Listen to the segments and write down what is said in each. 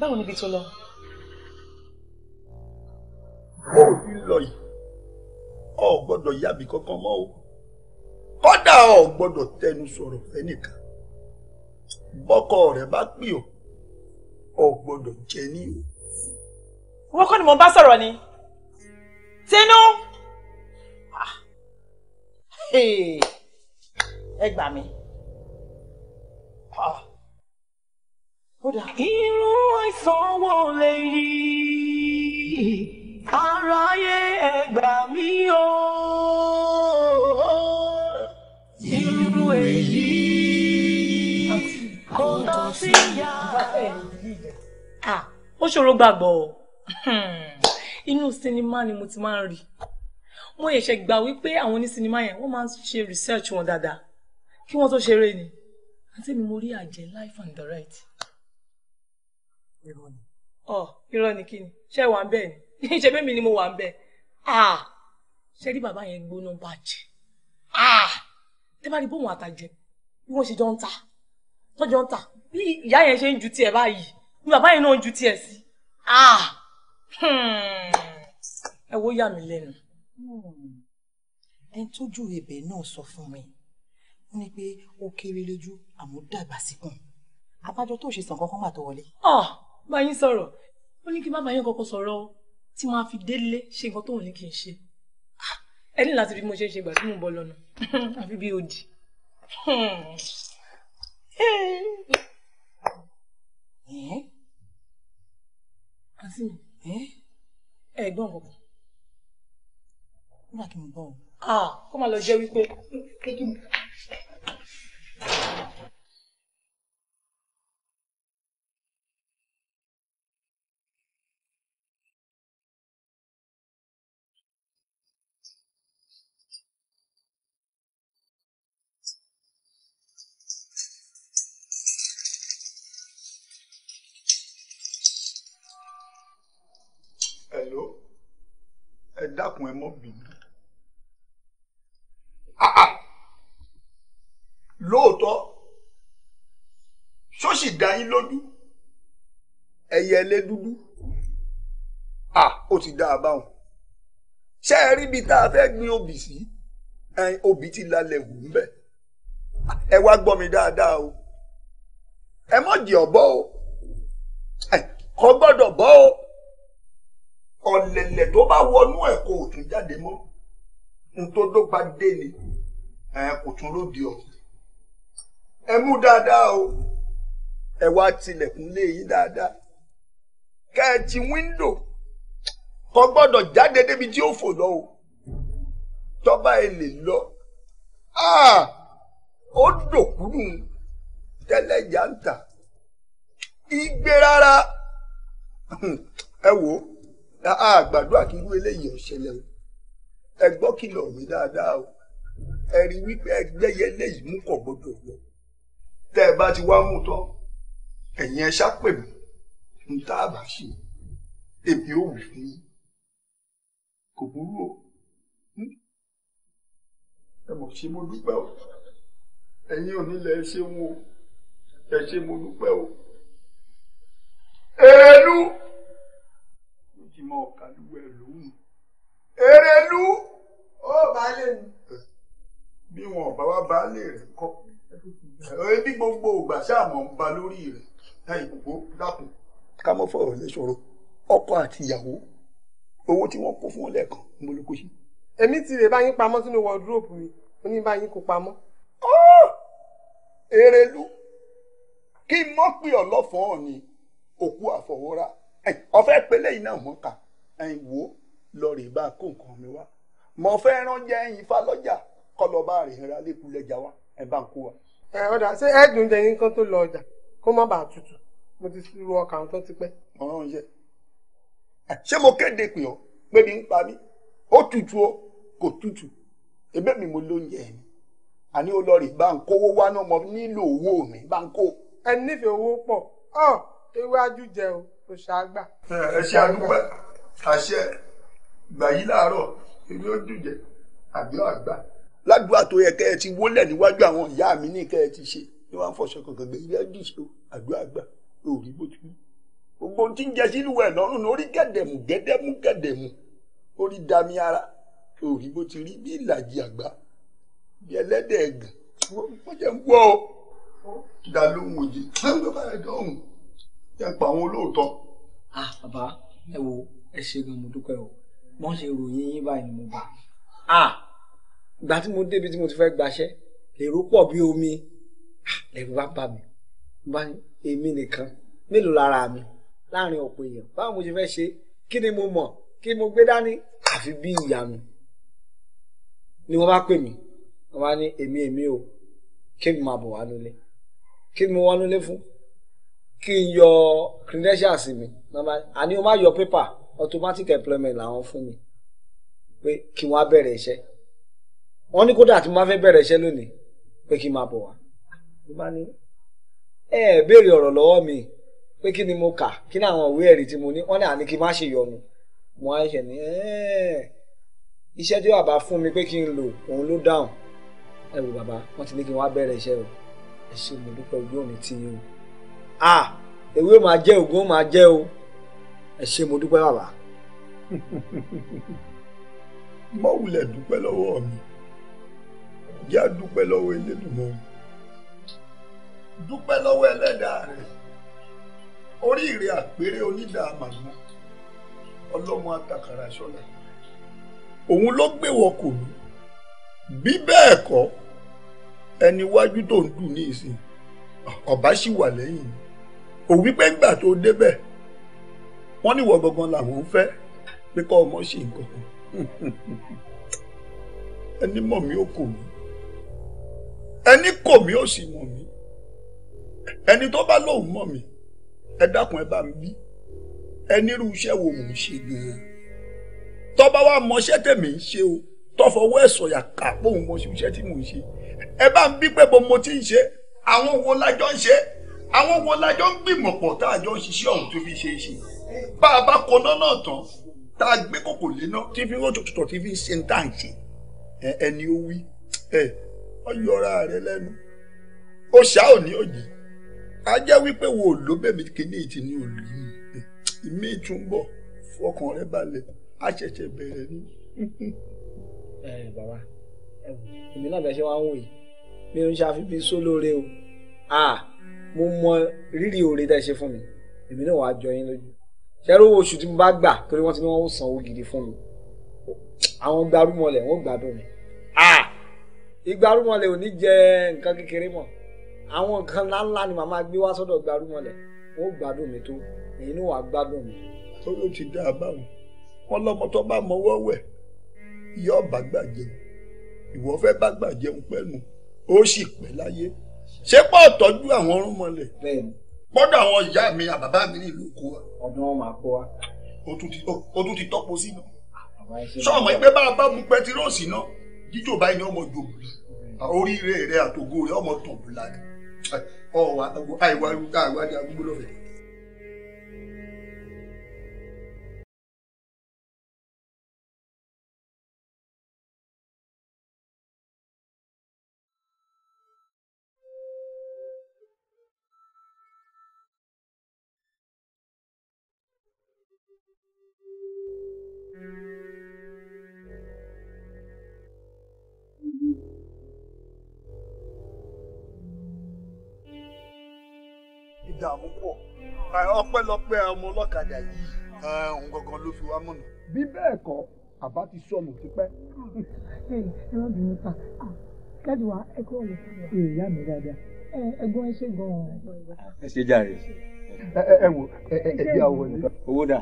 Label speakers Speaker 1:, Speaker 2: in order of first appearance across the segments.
Speaker 1: báwo níbi tó lọ.
Speaker 2: ó ti lọ yìí ọ gbọ́dọ̀ yábì kankan mọ́ o kódà ọ gbọ́dọ̀ tẹnu sọ̀rọ̀ fẹ́nìkan bọ́kọ rẹ̀ bá pè ọ́ ọ gbọ́dọ̀ jẹ ní o.
Speaker 3: wọ́n kọ́ ni mo bá sọ̀rọ̀ ni tinú ah. ẹ gbà mí.
Speaker 1: Ah irú àìsàn wo lèyí ara ẹ gbà mí o irú èyí kò tọ́ sí ya. ó ṣòro
Speaker 4: gbàgbọ́ o inú sinimá ni mo ti máa ń rí mo ṣẹ̀ṣẹ̀ gbà wípé àwọn oní sinimá yẹn wọ́n máa ń ṣe research wọn dáadáa kí wọ́n tó ṣeré ni àti mi mo rí àjẹ́ life and direct. Right ọ oh, irọ́ ni kí ni ṣé wà ń bẹ̀ ni ṣe bẹ́ẹ̀ mi ni mo wà ń bẹ̀ ah! ṣe rí bàbá yẹn gbóná bàjẹ́ ah! tẹ́ bá rí bóun àtàjẹ bí wọ́n ṣe jọ ń ta tọ́jọ ń ta bí ìyá yẹn ṣe ń ju tiẹ̀ báyìí bí bàbá yẹn náà ń ju tiẹ̀ sí ah! hmm. ẹ wo yà mí lẹ́nu.
Speaker 5: ẹni tójú ebè náà sọ fún mi ó ní pé ó kéré lójú àmọ́ dàgbà síkùn tó ṣe sàn kankan wà tó wọlé
Speaker 4: bá yín sọ̀rọ̀ ó ní kí bàbá yín kọ́kọ́ sọ̀rọ̀ o tí wọ́n á fi délé ṣe nǹkan tóun ní kí n ṣe ẹ ní láti rí mo ṣe ń ṣe ìgbà tí mò ń bọ̀ lọ́nà àfi bí odi. Hmm. àǹtí mi hmm? ẹ gbọ́n kankan. nígbà tí mo bọ̀ o. Ah, kó máa lọ jẹ́ wípé.
Speaker 2: dákun ẹ mọ́ bínú. Ah, ah. lóòótọ́ ṣọ́ọ̀ṣì dá yín lójú ẹ̀yẹ ẹlé dúdú ah, ó ti dá a báwọn ṣé ẹ rí ibi tá a fẹ́ gbin obì sí obì ti lalẹ̀ wù ú bẹ́ẹ̀ ẹ wá gbọ́ mi dáadáa o ẹ mọ̀ jẹ́ ọ̀bọ o kò gbọ́dọ̀ bọ́ o. ọ̀lẹ̀lẹ̀ tó bá wọnú ẹ̀ kò tún jáde mọ́ n tó dọ́gba dé ni kò tún lóde ọ̀ ẹ mú dáadáa o ẹ wá tilẹ̀kùn lé yín dáadáa kẹ́ ẹ ti wíńdò jáde débi tí ó fò lọ o tọ́ba ẹ lè lọ ó dòkúnú tẹ́lẹ̀ yá ń igbe rárá ẹ wò ó. àgbàdua kí irú eléyìí ò ṣẹlẹ̀ o ẹ gbọ́ kìlọ̀ mi dáadáa o ẹ rí wípé ẹgbẹ́yẹ eléyìí mú kọ̀ gbọdọ̀ lọ tẹ́ ẹ bá ti wá mú tán ẹ̀yin ẹ ṣàpè mí ń tá a bá ṣe èmi ò wí fún yín kò burú o hm? ẹ mọ̀ ṣe mo dúpẹ́ o ẹ̀yin ò nílẹ̀ ẹ ṣeun o ẹ ṣe mo dúpẹ́ o. Èlú. Eh, ti mọ ọ̀kàlùwẹ̀ lòun. èrèlú ó baálé mi. bí wọn ò bá wá baálé rẹ kọ ẹbí gbogbo ògbà ṣáàmọ ń lórí rẹ láì gbogbo dákun. ká fọ̀rọ̀ lè ṣòro ọkọ àti ìyàwó owó tí wọ́n kó fún wọn lẹ́ẹ̀kan ń bolo kó sí. èmi ti rè báyìí pamọ́ sínú wọ́ọ̀dúróòpù mi ó ní báyìí kó pamọ́. èrèlú kí n mọ́ pé ọlọ́fọ̀ọ́ ni òkú àfọwọ́rá ọ̀fẹ́ pélé yìí náà ká wò lọ rè bá kó mi wá mọ̀ fẹ́ ránjẹ́ ẹ̀yìn lọ́jà kọ́ lọ bá rè ra wa ẹ̀ wa. ẹ ọ̀dà ṣé ẹ̀dùn yín kan tó lọ ọjà kó má bàa tutù mo ti ti pẹ́. ọ̀ràn yẹ pè ọ́ pé mi ń pa mí ó tutù o kò tutù ebe mi kò ṣàgbà. ẹ ṣe àdúpẹ́ àṣẹ gbà yí láàárọ̀ èmi ó dùjẹ àbí àgbà. ládùúgbà tó yẹ kẹ́ ẹ ti wólẹ̀ níwájú àwọn ìyá mi ní kẹ́ ẹ ti ṣe ni wọ́n á fọṣọ kankan gbé ilé ẹ̀dùn sí àdúrà àgbà lórí bó ti mú. gbogbo ohun tí ń jẹ sínú ẹ̀ lọ́rùn lórí gẹ̀dẹ̀mù gẹ̀dẹ̀mù gẹ̀dẹ̀mù orí dami ara lórí bó ti rí bí ìlàjì àgbà bí ẹlẹ́dẹ̀ẹ́gàn wọ́n jẹ́ ń gbọ́ ọ. dàlóhùn òjì ló bá rẹ̀ dọ́hùn jẹ́ pa àwọn olóòótọ́. ah bàbá
Speaker 6: ẹ wo ẹ ṣe gan mo dúpẹ́ o wọ́n ṣe ròyìn yín báyìí ni mo bá ah ìgbà tí mo débi tí mo ti fẹ́ gbaṣẹ́ lèrò pọ̀ bí omi ah, lẹ́rù bá bà mí bá èmi nìkan mélòó lára mi láàrin ọ̀pọ̀ èèyàn báwo mo ṣe fẹ́ ṣe kí ni mo mọ̀ kí mo gbé dání àfi bí ìyanu ni wọ́n bá pè mí wọ́n bá ní èmi èmi o kí mi máa bọ̀ wá nílé kí mi wá nílé fún kí n yọ credentials mi àní o má yọ paper automatic employment làwọn fún mi pé kí wọ́n á bẹ̀rẹ̀ iṣẹ́ wọ́n ní kódà tí mo bá fẹ́ bẹ̀rẹ̀ iṣẹ́ lónìí pé kí n máa bọ̀ wá mo bá ní ẹ ẹ béèrè ọ̀rọ̀ lọ́wọ́ mi pé kí ni mo kà kí ni àwọn ìwé ẹ̀rí tí mo ní wọ́n ní àní kí n má ṣe yọnu mo á ṣe ní iṣẹ́ tí bàbá fún mi pé kí n lò òun ló dáhùn ẹ wò bàbá wọ́n ti ní kí n wá bẹ̀rẹ̀ iṣẹ́ o ẹ ṣé mo dúpẹ́ ojú òní tí yín o ah ewé máa jẹ́ ògùn máa jẹ́ o ẹ ṣé mo dúpẹ́ bàbá. má wulẹ̀ dúpẹ́ lọ́wọ́
Speaker 2: mi yá dúpẹ́ lọ́wọ́ Elédùmarè dúpẹ́ lọ́wọ́ ẹlẹ́dàá rẹ̀ oríire àpérè onídàá màmá ọlọ́mọ àtàkàrà ṣọ́la òun ló gbé wọ kò ní bí bẹ́ẹ̀ kọ́ ẹni wájú tó ń dùn ní ìsìn ọ̀bá sì wà lẹ́yìn ni kò wípé gbà tó débẹ̀ wọ́n níwọ̀ gangan làwọn ń fẹ́ pé kọ́ ọmọ ṣe nǹkan ẹni mọ̀ mí ó kò mí ẹni kò mí ó sì mọ̀ mí ẹni tó bá lóun mọ̀ mí ẹ dákun ẹ bá mi bí ẹni irú iṣẹ́ wo mò ń ṣe gan-an tó bá wá mọṣẹ́ ń ṣe o tó fọwọ́ ẹ̀ sọ̀yà òun mọṣẹ́ iṣẹ́ tí mò ń ṣe ẹ bá ń bí pé bo mo ti ń ṣe àwọn wo lájọ ń ṣe àwọn wo lájọ ń gbìmọ̀ pọ̀ tá a jọ ń ṣiṣẹ́ ọ̀hún tó fi ṣe é ṣe bá a bá kọná náà tán tá a gbé kòkò léná tí fi rọ́jò tuntun tí fi ń ṣe ń tà ń ṣe ẹni ó wí ẹ ọ yọra rẹ lẹ́nu ó ṣá ò ní òjì á jẹ́ wípé wo ló bẹ̀mí kíní ìtì ní òòlù mi ìmí ìtúnbọ̀
Speaker 6: fọkàn rẹ balẹ̀ á ṣẹ̀ṣẹ̀ bẹ̀rẹ̀ ni. ẹ bàbá ẹ èmi náà bẹ ṣe wá ń wò yìí mi ò ń ṣàfihàn sólóore o. Ah mo mọ rírì oore tẹ́ ṣe fún mi èmi náà wàá jọ yín lójú ṣẹ́rú owó oṣù tí mo bá gbà torí wọ́n ti ní wọ́n san owó gidi fún mi àwọn gbarúmọlẹ̀ wọ́n gbádùn mi ìgbarúmọlẹ̀ ò ní jẹ nǹkan kékeré mọ́ àwọn nǹkan ńláńlá ni màmá gbé wá sọ́dọ̀ gbarúmọlẹ̀ wọ́n gbádùn mi tó èyí ni wàá gbádùn mi. tó ló ti dá a báwọn wọn lọmọ tó bá mọwọ́ wẹ̀ yóò bá gbà jẹun
Speaker 2: ìwọ fẹ́ bá gbà jẹun pẹ̀lú ó sì pẹ́ láyé ṣé pọ̀ tọ́jú àwọn ọrùn mọ́lẹ̀ gbọ́dọ̀ àwọn ìyá mi àbàbá mi nílùú kó wa. ọdún wọn máa kó wa. o tún ti tọ́pọ̀ sí náà. sọ̀mọ ẹgbẹ́ bá a bá mu pẹtirọ́ọ̀sì náà jíjò báyìí ni ọmọ jòbù hmm. oríire rẹ àtògo rẹ ọmọ tọ̀bù lága.
Speaker 1: ọ̀ àìwá àìwá ni agbógbó lọ́fẹ̀ẹ́.
Speaker 2: ọpẹ́lọpẹ́ ọmọ ọlọ́kadà yìí òun gangan ló fi wá mọ̀nà. bí bẹ́ẹ̀ kọ́ àbá ti sọnù tipẹ́.
Speaker 4: ẹ ẹ má bínú pa káàdì wa ẹ kúrò lọ sí ìyá mi dáadáa ẹ̀gbọ́n ẹ ṣe gan-an.
Speaker 6: ẹ ṣe jàre. ẹ wo ẹ bí àwọn ni. owó dà.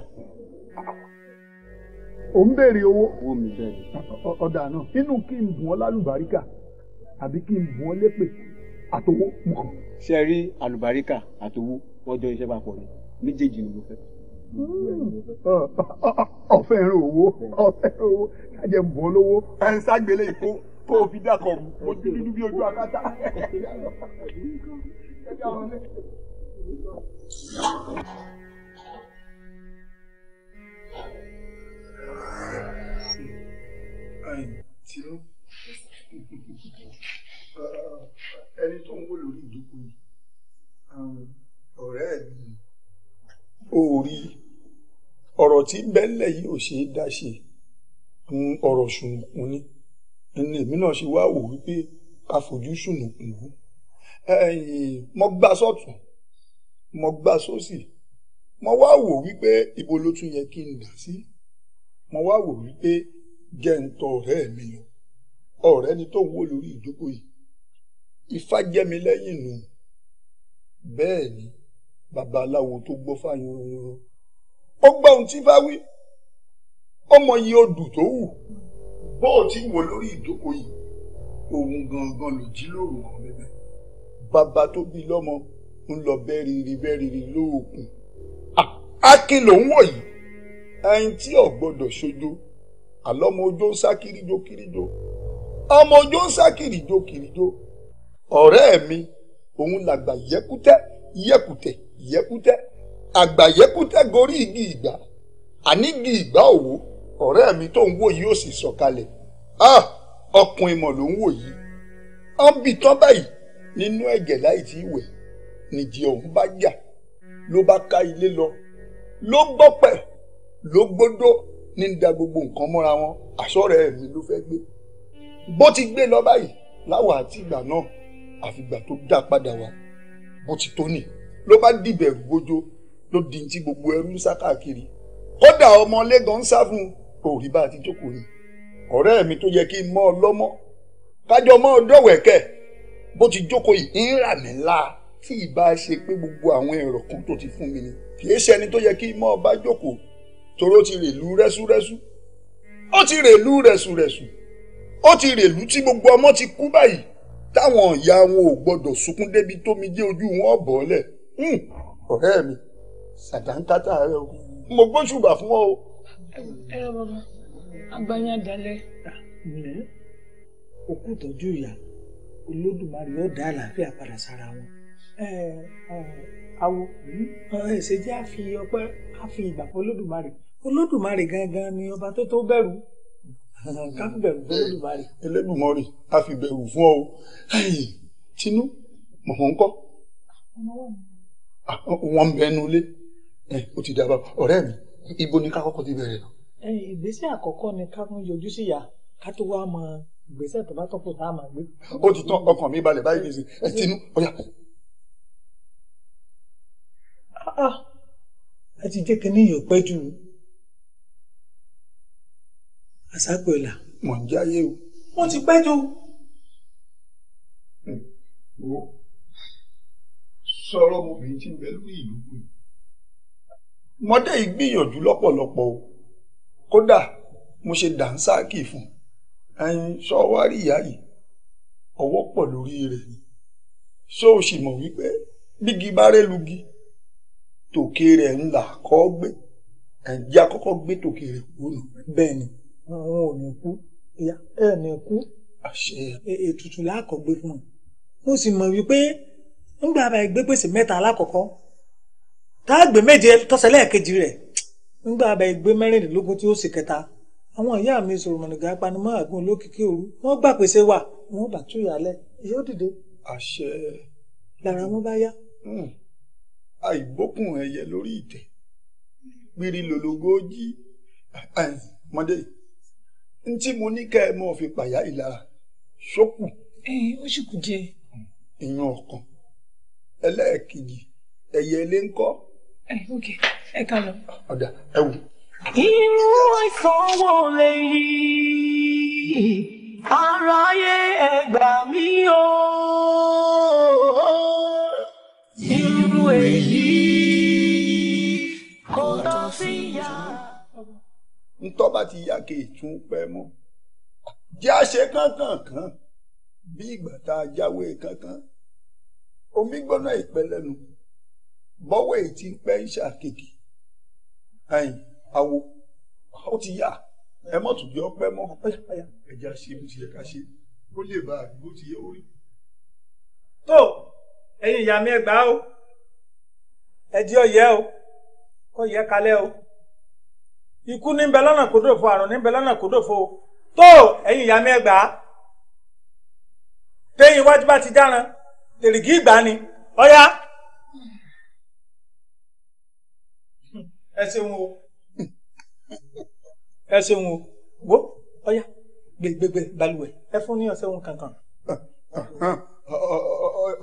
Speaker 2: ò ń béèrè owó. owó mi bẹ́ẹ̀ ni. náà inú kí n bùn ọ́ lálùbáríkà àbí kí n bùn ọ́ lépè àtowó mọ̀.
Speaker 6: ṣe rí àlùbáríkà àtowó kọjọ iṣẹ́ papọ̀ ni méjèèjì ni mo fẹ́.
Speaker 2: ọ̀fẹ́ rẹ̀ owó ọ̀fẹ́ rẹ̀ owó kájẹ bọ́ lówó. ẹ ń ságbélé ìkó kó o fi dàkọ̀ mu mo ju dúdú bí ojú akátá. ẹni tó ń wó lórí ìdókòwò yìí ọ̀rẹ́ mi ò rí ọ̀rọ̀ tí bẹ́lẹ̀ yìí ò ṣe é dá ṣe ọ̀rọ̀ ṣùnùkùn ni èmi náà ṣe wá wò wípé ká fojú ṣùnùkùn wò mo gbà sọ́tún mo gbà sósì mo wá wò wípé ibo ló tún yẹ kí n dà sí mo wá wò wípé jẹ́ ń tọ ọ̀rẹ́ mi lọ ọ̀rẹ́ ni tó ń wò lórí ìjókòó yìí ifá jẹ́ lẹ́yìn nù bẹ́ẹ̀ ni babaláwo tó gbọ́ fáyín oorun ó gbọ́ ohun tí bá wí ọmọ yìí odù tó wù bọ́ọ̀ tí wò lórí ìdókò yìí òun gangan ló jí lóru kan bẹ́ẹ̀. bàbá tó bí lọ́mọ ń lọ bẹ́rìrì bẹ́rìrì lóòkùn akin lòún wọ̀ yìí ẹyin tí ò gbọ́dọ̀ ṣojo àlọ́mọ ojó ń sá kirijo kirijo ọmọ ojó ń sá kirijo kirijo ọ̀rẹ́ mi òun làgbà yẹkútẹ́ yẹkùtẹ́ yẹkútẹ́ àgbà yẹkútẹ́ gorí igi ìgbà ànígi ìgbà òwò ọ̀rẹ́ mi tó ń wò yìí ó sì sọ̀kalẹ̀ ah, ọkùn ìmọ̀ ló ń wò yìí ọ̀bì tán báyìí nínú ẹ̀jẹ̀ láì tí wẹ̀ nìjì ọ̀hún bá jà ló bá ká ilé lọ ló gbọ́pẹ̀ ló gbódó ní ń da gbogbo nǹkan mọ́ra wọn àsọ̀rẹ́ mi ló fẹ́ gbé bó ti gbé lọ báyìí láwọ̀ àti ìgbà náà àfìgbà tó dá padà wá bó ti tó nìyí ló bá dìbẹ̀ gbójó ló di ti gbogbo ẹrú ń sá káàkiri kódà ọmọ lẹ́gàn ń sá fún un òrí bá a ti jókòó ni ọ̀rẹ́ mi tó yẹ kí n mọ́ ọ lọ́mọ kájọ mọ́ ọ dọ̀wẹ̀kẹ́ bó ti jókòó yìí ń rà mí ńlá tí ìbá ṣe pé gbogbo àwọn ẹ̀rọ kan tó ti fún mi ni kì ṣe ẹni tó yẹ kí n mọ́ ọ bá jókòó toró ti rèlú rẹ́súrẹ́sú ó ti rèlú rẹ̀sùrẹ̀sù ó ti rèlú tí gbogbo ọmọ ti kú báyìí táwọn ìyá wọn ò gbọdọ̀ sunkún débi tómi jẹ́ ojú wọn bọ́ọ̀lẹ̀ Hmm. ọ̀rẹ́ mi ṣàdánkátà rẹ o mo gbóṣùbà fún ọ.
Speaker 1: ẹ ẹ bàbá
Speaker 4: agbanya dalẹ. ǹlẹ́
Speaker 5: òkú tọ́jú ìyá olódùmarè yóò dá àlàáfíà padà sára wọn. awo ẹ ṣe jẹ́ àfi ọpẹ́ àfi ìgbà fún olódùmarè
Speaker 2: olódùmarè gangan ni ọba tó tó bẹ̀rù ká fi bẹ̀rù fún olódùmarè. ẹlẹ́dùnmọ́rì a fi bẹ̀rù fún ọ tinú mọ̀mọ́ ń kọ́. ọmọ wa ni wọn ń bẹnu ilé o ti dàbà ọ̀rẹ́ mi ibo ni ká kọ́kọ́ ti bẹ̀rẹ̀ lọ.
Speaker 5: ìgbésẹ̀ àkọ́kọ́ ni ká kún yọjú sí ìyá ká tó wá mọ
Speaker 2: ìgbésẹ̀ tó bá tọ́kù tá a máa gbé. ó ti tán ọkàn mi balẹ̀ báyìí nìyí ẹ tinú ọ̀yà. Ah, ah. a ti jẹ́ kí níyàn pẹ́ jù àṣàpẹ̀là. mọ̀ ń jáyé o. wọ́n ti pẹ́ jù. Hm, sọ̀rọ̀ ọmọbìnrin tí ń bẹ lórí ìlú mi. mọ́dé yìí gbìyànjú lọ́pọ̀lọpọ̀ o kódà mo ṣe dànsáàkì fún ẹyin sọ wá rí ìyá yìí ọwọ́ pọ̀ lórí rẹ̀ ni ṣó o sì mọ̀ wípé bígi bá rẹ́ lugi tòkè rẹ̀ ńlá kọ́ gbé ẹ̀jẹ̀ àkọ́kọ́ gbé tòkè rẹ̀ kúrò bẹ́ẹ̀ ni.
Speaker 5: àwọn ò ní kú ẹ̀ ní kú ètùtù lákọ̀ọ́gbé fún un mo sì mọ̀ wípé nígbà bá gbé gbèsè mẹ́ta alákọ̀ọ́kọ́ tá a gbé méje tọ́sẹ̀ lẹ́ẹ̀kejì rẹ̀ nígbà bá gbé mẹ́rìndínlógún tí ó sì kẹta àwọn ìyá mi sọ̀rọ̀ mọ̀nìgà panimọ́ àgùn olókìkí òru wọ́n
Speaker 2: gbà pèsè wà wọ́n bà tú ìyàlẹ̀ yóò dìde. àṣẹ. lára wọn bá yá. Hmm. àìgbókùn ẹyẹ lórí ìtẹ́ gbiri lòlógó jí mọdé n tí mo ní kẹ́ ẹ mọ́ fi pàyà ìlara ṣókù. ẹ ó ṣì jẹ. ìyún ọkàn. ẹlẹ́ẹ̀kejì ẹ̀yẹ ilé ńkọ́.
Speaker 1: ẹ ok ẹ ká lọ.
Speaker 2: ọ̀dà ẹ wù.
Speaker 1: irú lè yí ẹgbà mi o irú èyí kò sí
Speaker 2: ti ya kí ìtún pẹ́ mọ́ jẹ́ àṣẹ kankan kan bí ìgbà tá jáwé kankan. omi gbóná ìpẹ́ lẹ́nu bọ́wọ́ èyí tí ń pẹ́ ń ṣàkèkì ẹ̀yìn awo ó ti yá ẹ mọ̀ tún jẹ́ ọpẹ́ mọ́ pẹ́yàpẹ́yà ẹja ṣe bó ti yẹ ká ṣe ó lè bá ti yẹ ó rí. tó ìyá o
Speaker 5: ẹ ọyẹ o kó yẹ kalẹ o ikú ní bẹ kódòfo àrùn ní bẹ kódòfo tó ẹ̀yin ìyá mi dèrègì ìgbà ni ọ̀yá ẹ ṣeun o ẹ ṣeun o wo ọ̀yá gbẹgbẹgbẹ balùwẹ̀ ẹ fún ní ọṣẹ òun kankan.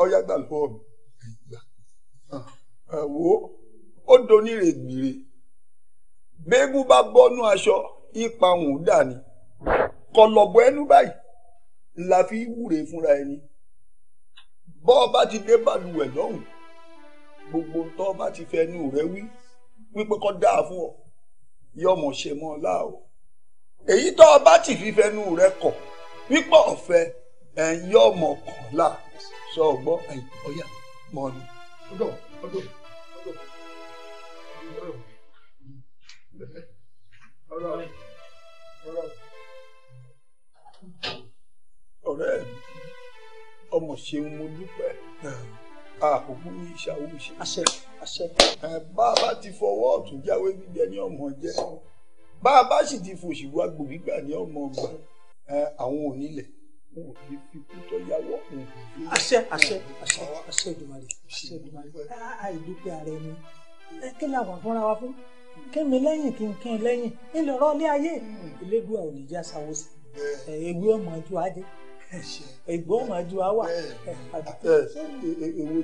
Speaker 2: ọ̀yá gbà lọ́wọ́ mi wo ó donírè gbìrè bẹ́ẹ̀gùn bá bọ́nú aṣọ ipa òun dà ní kọlọ̀bọ̀ ẹnu báyìí la fi wúre fúnra ẹni bọ́ ọ bá ti dé balùwẹ̀ lọ́hùn gbogbo ń tọ́ bá ti fẹnu rẹ wí wípé kọ́ dáa fún ọ yọmọ ṣe mọ́ ọ láàwọ̀ èyí tọ́ ọ bá ti fi fẹnu rẹ kọ̀ wípé ọ̀fẹ́ ẹ̀ ń yọmọ kàn lá sọ ọgbọ́ ẹ̀ ọ̀yà mọ́ ni. ọ̀rẹ́ mi ọmọ ṣeun mo dúpẹ́ àkókò ní ìṣàwó ṣe àṣẹ àṣẹ bá a bá ti fọwọ́ ọ̀tún jáwé gbígbẹ ní ọmọ jẹ bá a bá sì ti fòṣì wá gbòmígbà ní ọmọ ọgbà àwọn onílẹ̀ wọn ò ní fi kú tọ́ yàwọ́. àṣẹ àṣẹ àṣẹ àṣẹ ìdùmarè
Speaker 5: àṣẹ ìdùmarè àìdúpẹ́ ara ẹni kí ni àwọn afúnra wa fún kémi lẹ́yìn kí n kí n lẹ́yìn ńlọrọ́ ilé ayé ìlédùá hmm. ò
Speaker 2: ní ẹ̀gbọ́n máa ju àwa. ewu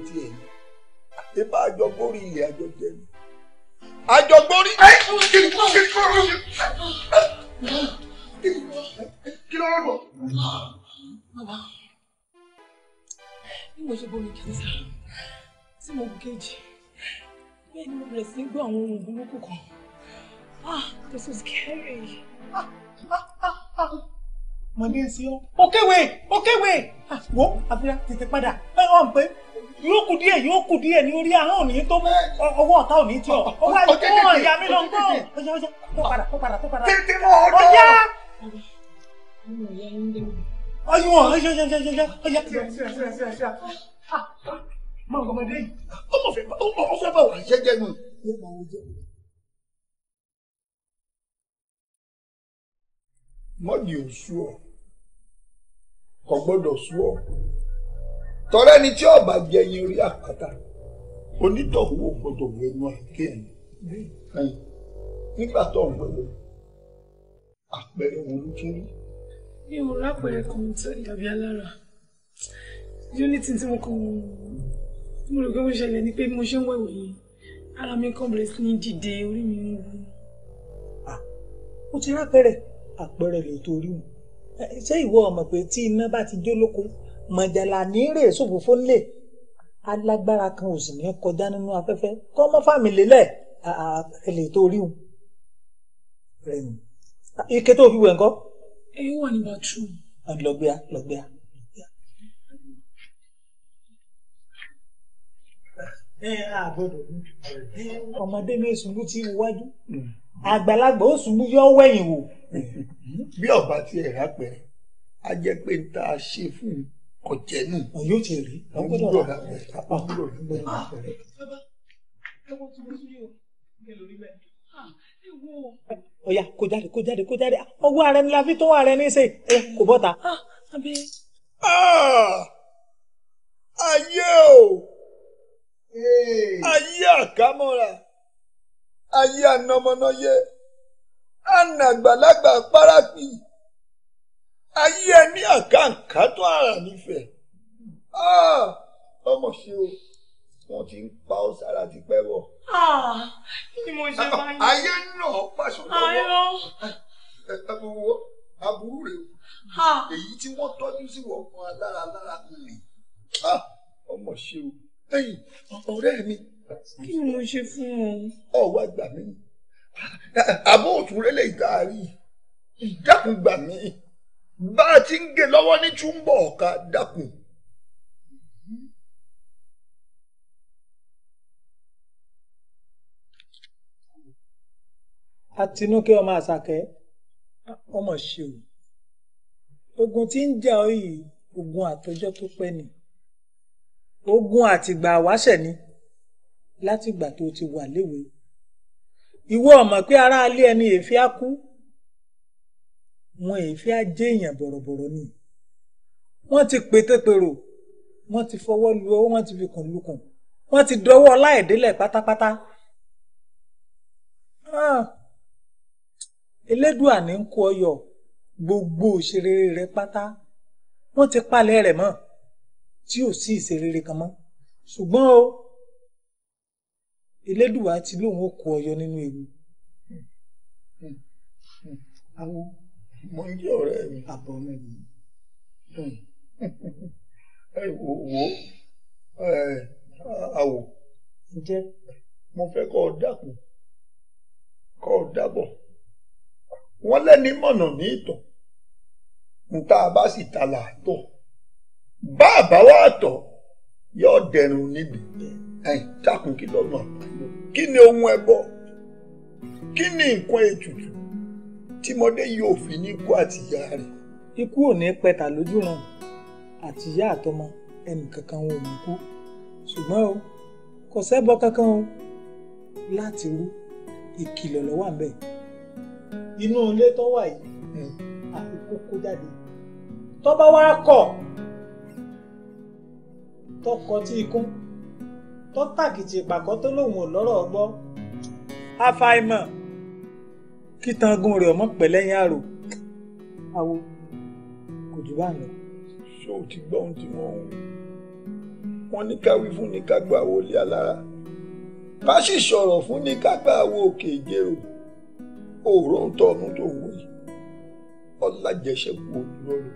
Speaker 2: ti ẹ̀ ní ibà àjọgbórí ilẹ̀ àjọjẹ ni àjọgbórí.
Speaker 4: kí ló rọ̀. bàbá bí mo ṣe bomi kẹta tí mo bu kejì bẹ́ẹ̀ ni mo bẹ̀rẹ̀ sí gbọ́ àwọn ohun burúkú kan ah this was scary. Ah, ah, ah, mo ní sí ọ.
Speaker 5: ó kéwé ó kéwé wo àbíra tètè padà ẹ hàn pé yóò kù díẹ̀ yóò kù díẹ̀ ní orí ahọ́n òní tó ọwọ́ ọ̀tá òní tí ọ. ó wá ìfowópamọ́ ìyá mi lọ ń gbọ́. ọjà ọjà tó padà tó padà tó padà. tètè mọ ọdọ. ọjà. ọyún ọ ọjà ọjà ọjà ọjà ọjà. máa ń gbọmọdé yìí
Speaker 1: ó mọ̀ fẹ́ bá wà jẹ́jẹ́ nù.
Speaker 2: mọ́jì ò sú ọ kò gbọ́dọ̀ sú ọ tọrẹ ni tí ọba jẹyin orí àkàtà onítọ̀hún ò gbọ́dọ̀ wẹnu àké ẹ̀ nígbà tó ń gbọ́dọ̀ àpẹẹrẹ wọn ló tún rí.
Speaker 4: mi ò rápẹ̀rẹ̀ kan tó dàbí alára unity tí mo kàn mo rò pé ó ṣẹlẹ̀ ni pé mo ṣe ń wẹ̀wẹ̀ yìí ara mi kàn ní dìde orí mi ń wú.
Speaker 5: Ah, ó ti rápẹ̀rẹ̀ àpẹẹrẹ lè torí mu ṣé ìwọ ọmọ pé tí iná bá ti jó lóko mọ̀jàlá ní rè sòfófó ńlẹ̀ alágbára kan ò sì ní kọjá nínú afẹ́fẹ́ kọ́ mọ́ fàmì lélẹ̀ àpẹẹrẹ lè torí mu. ike tó fi wẹ̀ ńkọ́.
Speaker 4: ẹ wà ní bàtú.
Speaker 5: lọ́gbẹ́à lọ́gbẹ́à. ọmọdé ní èsùn ló ti wájú.
Speaker 1: Mm
Speaker 2: àgbàlagbà ó ṣubú yọ wẹ̀yìn wò. bí ọba ti ẹ̀ rápẹ̀ a jẹ́ pé n ta ṣe fún ọ̀jẹ̀ nù. ọ̀yọ́ ti rí ọgbọ́dọ̀ rà pẹ̀ ọgbọ́dọ̀ rà pẹ̀.
Speaker 5: ọ̀yà ah. ah. kó jáde kó jáde kó jáde ọwọ́ ara ẹni la fi tó ara ẹni ṣe kò bọ́ta.
Speaker 2: Ah, ayé o ayé àkámọ́ra ayé ànàmọ́náyé àna àgbàlagbà párápì ayé ẹni àkàǹkà tó àrà nífẹ̀ẹ́ ah, ọmọ ṣe o wọn ti ń pa ọ sára ti pẹ́ bọ̀.
Speaker 1: Ah, ni mo ṣe máa ń yẹ. ayé náà
Speaker 2: pàṣọ lọ́wọ́ ẹ̀ẹ́dẹ́gbẹ̀wò eh, eh, eh, aburú rẹ̀ o ah. èyí tí wọ́n tọ́jú sí wọ́n kan alára alára ń lè ọmọ ṣe o ẹ̀yìn ọ̀rẹ́ mi kí ni mo ṣe fún ọ. ọ wá gbà mí àbọ̀ òtúrẹ́lẹ̀ ìdarí dákun gbà mí bá a ti ń gé lọ́wọ́ ní túnbọ̀ ọ̀ka dákun.
Speaker 5: àtinúkẹ́ ọmọ àṣàkẹ́ ọmọ ṣe o ogun tí ń jà ọ yìí ogun àtọjọ́ tó pẹ́ ni ogun àtìgbà wáṣẹ̀ ni látìgbà tó ti wà léwe ìwọ ọmọ pé aráalé ẹni èéfì á kú wọn èéfì á jẹ èèyàn bọ̀rọ̀bọ̀rọ̀ ni wọ́n ti pètèpèrò wọ́n ti fọwọ́ lu ọwọ́ wọ́n ti fi kàn lukùn wọ́n ti dọwọ́ láìdélẹ̀ pátápátá ah! elédùà ní ń kó ọyọ gbogbo òṣèré rẹ pátá wọ́n ti palẹ̀ rẹ̀ mọ́ tí ò sí ìṣeré kan mọ́ ṣùgbọ́n o. elédùwà ti lóun ó kó ọyọ nínú ewu.
Speaker 2: awo mo ń jẹ ọ̀rẹ́ mi. àbọ̀ mẹ́rin. ẹ wo wo ẹ awo. ǹjẹ́. mo fẹ́ kọ́ ọ kọ́ ọ wọ́n lẹ́ni mọ̀nà ní ìtàn nta bá sì ta bá àtọ̀ yóò dẹrùn níbi. ẹ̀yin dákun kí lọ́nà àbáyọ kí ni ohun ẹbọ kí ni nǹkan ètùtù tímọdé yóò fi ní ikú àtìyá rẹ. ikú ò ní pẹ̀tà
Speaker 5: lójú ràn àtìyá àtọmọ ẹnìkankan wọn ò ní kú ṣùgbọ́n o kò sẹ́bọ kankan o láti rú ìkìlọ̀ lọ́wọ́ àbẹ inú ilé tó wà yìí àfi hmm. kókó jáde tó bá wá kọ̀ tọkọ tí ikún tó tàkìtì ìpàkọ́ tó lòun ò lọ́rọ̀ ọgbọ́ àfàìmọ̀ kí tangun ọmọ pẹ̀ lẹ́yìn àrò
Speaker 2: àwo kò jù bá lọ. ṣó o ti gbọ́ ohun tí wọ́n ń wọ́n ní ká fún ní ká gba àwo alára ká sì sọ̀rọ̀ fún ní ká gba àwo òkè ìjẹ́rò ń tọ́ tó wù yìí ọlájẹsẹ̀kù olùrọ̀rùn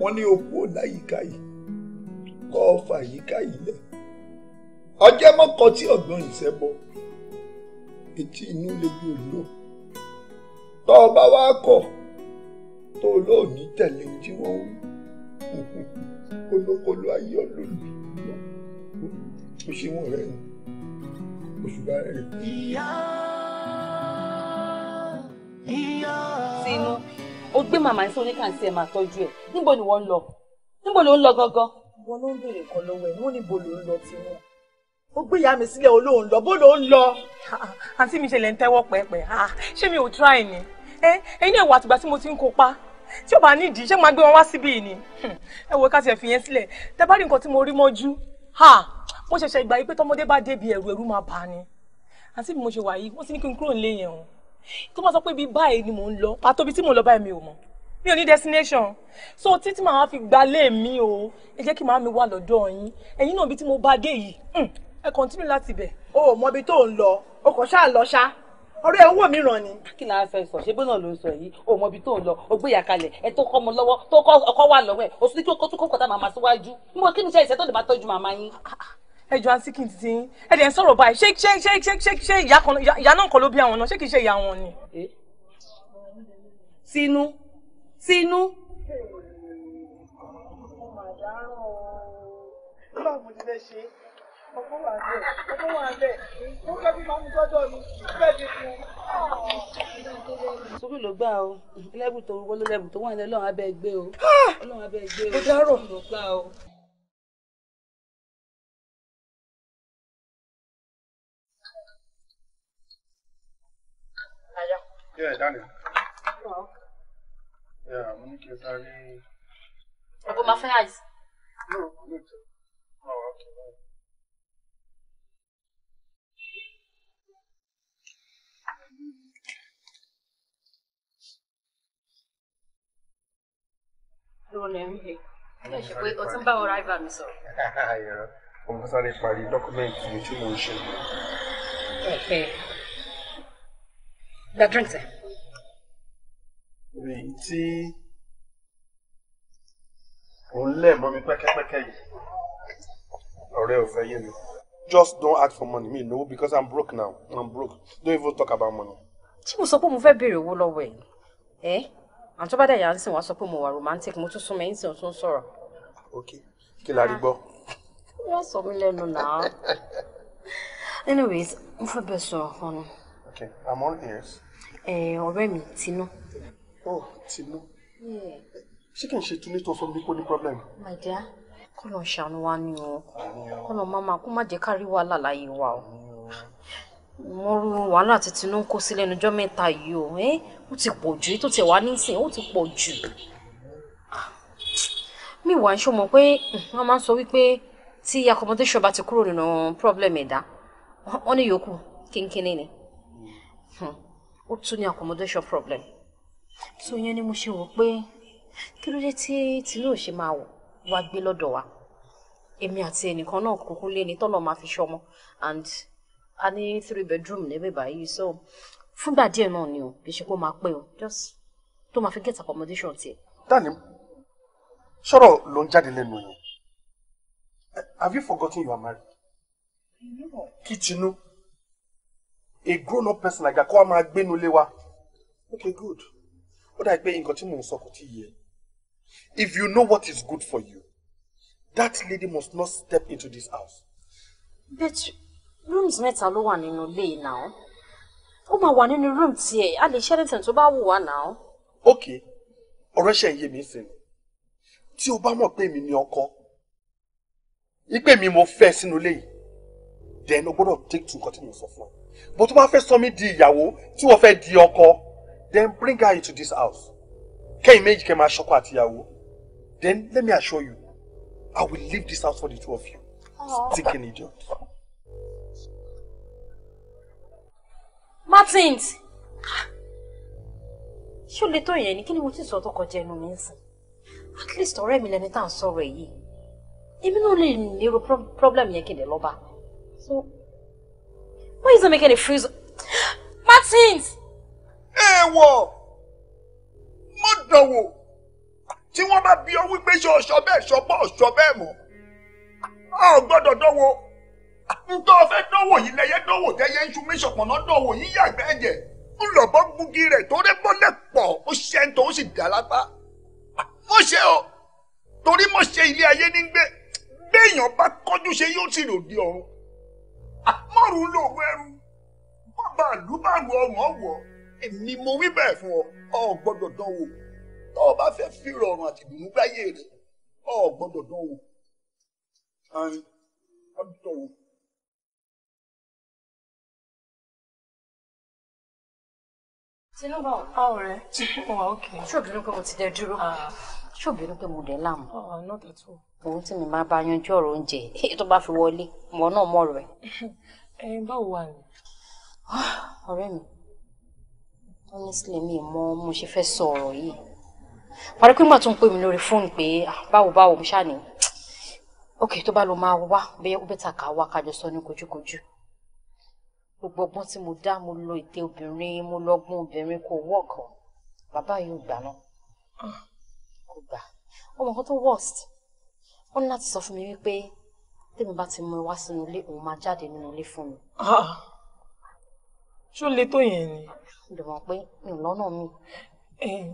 Speaker 2: wọ́n ní okú ọ̀la yìí ká kọ́ ọ̀fà yìí ká lẹ́yìn ọjọ́ mọ́kọ tí ọ̀gbọ́n ìṣẹ́bọ etí inú lójú òlò tọ́ ọ bá wá kọ̀ tó olóòní tẹ̀lé tí wọ́n wí kólókóló ayé olóòní ó ṣe wọ́n rẹ̀
Speaker 3: oṣù bá rẹ̀. ìyá ìyá. sínú o gbé màmá sí oníkàǹsí ẹ̀ máa tọ́jú ẹ̀
Speaker 4: níbo ni wọ́n ń lọ níbo ló ń lọ gangan. wọn ló ń béèrè kan lọ́wọ́ ẹ̀ wọ́n níbo ló ń lọ tiwọn ó gbé ìyá mi sílẹ̀ olóhùn lọ bó ló ń lọ. àǹtí mi ṣẹlẹ̀ ń tẹ́wọ́ pẹ́ẹ́pẹ́ ṣé mi ò try ni ẹ̀yin náà wà àtìgbà tí mo ti ń kópa tí ó bá nídìí ṣé máa gbé wọn wá síbí ni ẹ wo ká tiẹ̀ fi yẹn sílẹ̀ tẹ bá rí nǹkan tí mo rí mọ́jú mo ṣẹ̀ṣẹ̀ gbà yí pé tọmọdé bá débi ẹ̀rù ẹ̀rù máa bà á ni àǹtí mi mo ṣe wà yìí wọ́n ti ní kí n kúrò nílé yẹn o tó máa sọ pé ibi báyìí ni mò ń lọ àtòbí tí mò ń lọ báyìí mi ò mọ̀ mi ò ní destination so títí màá fi gbalé mi o ẹ jẹ́ kí màá mi wà lọ́dọ̀ yín ẹ̀yin náà bí tí mo bá dé yìí ẹ kọ́ntínú láti bẹ̀ o ò mọbi tó ń lọ o kò ṣáà lọ ṣá ọ̀rẹ́ owó mi ràn
Speaker 3: ni. kí ni a fẹ́ sọ ṣé bọ́nà ló ń sọ yìí o ò mọbi tó ń lọ o gbéyà kalẹ̀ ẹ tó kọ́ ọmọ lọ́wọ́ tó kọ́ ọkọ wà lọ́wọ́ ẹ̀ o sì ní kí o tún kó kọ́tà màmá síwájú níbo kí ni iṣẹ́ ìṣẹ́ tó lè máa tọ́jú màmá yín.
Speaker 4: ẹ jọ àǹtí kì í ti yín ẹ dẹ̀ ń sọ̀rọ̀ báyìí ṣé ṣé ṣé ṣé ṣé ṣé ìyá náà kan ló bí àwọn náà ṣé kì í ṣe ìyá wọn ni. Eh? sínú sínú.
Speaker 5: báwo ni mo ti fẹ́ ṣe é
Speaker 1: ọkọ wà bẹ́ẹ̀ ọkọ wà bẹ́ẹ̀
Speaker 3: ó kẹ́bí máa ń gbọ́dọ̀ ló gbà o ẹlẹ́bùn tó wọlé ẹlẹ́bùn tó wà ní ọlọ́run abẹ́ gbé o
Speaker 1: ọlọ́run abẹ́ gbé o ó dárò ló gbà o. Yeah, Daniel. Oh. Yeah, mo ní kí n sáré. Ọ̀gbọ́n máa fẹ́ àìsàn. No, no.
Speaker 7: Oh, okay.
Speaker 8: dúró lẹ́nu yìí
Speaker 2: tí ẹ ṣe pé o ti ń bá ọ̀rọ̀ àìbá mi sọ̀rọ̀. mo ń sáré parí dọ́kúmẹ́ǹtì mi tí mo ń ṣe. ẹ pẹ gba drinks ẹ. èyí tí ò ń lẹ̀ mọ́ mi pẹ́kẹ́pẹ́kẹ́ yìí ọ̀rẹ́ ò just don't ask for money me no because i'm broke now i'm broke don't even talk about money. tí
Speaker 8: mo sọ pé mo fẹ́ béèrè owó àǹtọ́ bá dẹ̀ yà ń sìn wá sọ pé mo wà romantic mo tún súnmọ́ ẹ̀ ń sìn sọ̀rọ̀.
Speaker 2: ok kí la rí gbọ́.
Speaker 8: yóò sọ mí lẹ́nu náà. anyways mo fẹ́ bẹ̀ sọ̀rọ̀ kan ni.
Speaker 2: ok i'm all ears. ọ̀rẹ́
Speaker 8: mi tinú. oh
Speaker 2: tinú. ṣé kì í ṣe tinú tó fún mi kó ní problem.
Speaker 8: my dear kọ́ lọ ṣàánú wa ni o kọ́ lọ máa máa kó má jẹ́ ká rí wàhálà wa o mo rú wàhálà tí tinú kó sí lẹ́nu ọjọ́ mẹ́ta yìí o eh? ó ti pọ̀ jù tó ti wá nísìn ó ti pọ̀ jù ah, mi wà ṣó mọ̀ pé hmm, wọ́n máa ń sọ wípé tí accommodation bá ti kúrò nínú problem ẹ̀dá wọ́n ní yòókù kínkínní ni hmm, ó tún ní accommodation problem tó yẹn ni mo ṣe wò pé kí ló dé tí tìlú ò ṣe máa wá gbé lọ́dọ̀ wa èmi àti ẹnìkan náà kúkú lé ní tọ́lọ̀ máa fi ṣọmọ and a ní three bedroom níbẹ̀ báyìí so fúngbà díẹ̀ náà ni o kì í ṣe pé máa pẹ́ o just tó máa fi get accommodation tiẹ̀.
Speaker 2: dani sọ̀rọ̀ ló ń jáde lẹ́nu yẹn have you forgotten you are married. kí tinú a grown up person like that kó a máa gbénu lé wa okay good ó dà pé nǹkan tí mò ń sọ kò tí ì yé if you know what is good for you that lady must not step into this house.
Speaker 8: but rooms mẹ́ta ló wà nínú ilé yìí náà ó máa wà nínú room tiẹ̀ a lè ṣe anything tó bá wù wá náà.
Speaker 2: ok ọ̀rọ̀ ṣe ń yé mi sìn tí o bá mọ̀ pé mi ni ọkọ ipe mi mo fẹ́ sínú ilé then o gbọ́dọ̀ take two nǹkan tí mo sọ fún ẹ bó tó bá fẹ́ sọ mí di ìyàwó tí wọ́n fẹ́ di ọkọ then bring her into this house kẹ́yìn méjì kẹ́ máa ṣọkọ àti ìyàwó then let me assure you i will leave this house for the two of you oh. stinking idiot.
Speaker 8: Martins ṣé o lè tó yẹn ni kí ni mo ti sọ tó kọjá ẹnu mi ń sìn at least ọ̀rẹ́ mi lẹni tá à ń sọ̀rọ̀ èyí èmi náà lè lérò problem yẹn kéde lọ́ba so why is it making a freeze Martins.
Speaker 2: èèwọ̀ mo dọ̀wọ̀ tí wọ́n bá bí ọ wípé ṣe ọ̀ṣọ́ bẹ́ẹ̀ ṣọ́ ọ̀ṣọ́ bẹ́ẹ̀ mọ́ ọ gbọ́dọ̀ dánwò ntọ́ fẹ́ dánwò yìí lẹ́yẹ dánwò tẹ́yẹ iṣu méṣọ̀pọ̀ náà dánwò yìí yàgbẹ́ ẹ̀jẹ̀ ńlọ̀bọ́ gbúgi rẹ̀ tó rẹ́ bọ́lẹ̀ pọ̀ ó ṣe ń tọ́ ó sì dà lápá mo ṣe o torí mo ṣe ilé ayé ní gbé béèyàn bá kọjú ṣe yóò sì lòdì ọ̀run àmọ́rùn lòun ẹrú bàbá àlùbàrù ọmọ wọ̀ èmi mo wí bẹ́ẹ̀ fún ọ ọ gbọ́dọ̀ dánwò tọ́ ọ bá fẹ́ fi rọrùn àtìdùnnú gbáyé
Speaker 1: rẹ ọ gbọ́dọ̀ dánwò. Ọdún tó wù. tinú bá wọn. a ò rẹ mo wà ókè. ṣòbínú pé mo ti dẹ dúró ah. ṣòbínú pé mo
Speaker 8: dẹ láàmú.
Speaker 4: ọ̀hún náà tẹ̀ tó.
Speaker 8: òun tí mi máa bá yanjú ọ̀rọ̀ oúnjẹ tó bá fi wọlé ọmọ náà mọ̀ rẹ̀.
Speaker 4: ẹyin eh, báwo wà ní. Ah, ọ̀rẹ́ mi
Speaker 8: honestly mi mọ mo ṣe fẹ́ sọ ọ̀rọ̀ yìí parí pé màá tún pè mí lórí fóònù pé ah, ok tó bá lọ máa wá bẹ́ẹ̀ ó bẹ́ẹ̀ tà ká wá kájọ gbogbo ọgbọ́n tí mo dá mo lo ète obìnrin mo lọ́gbọ́n obìnrin kò wọ́ọ̀kọ̀ bàbá yóò gbà náà
Speaker 1: ah. kò
Speaker 8: gbà ọmọ kan tó worst wọ́n ní láti sọ fún mi wípé tèmi bá ti mú ẹ wá sínú ilé òun
Speaker 4: máa jáde nínú ilé fún mi. Ah. ṣó le tó yẹn ni. lè mọ̀ pé mi ò lọ́nà mi. Eh,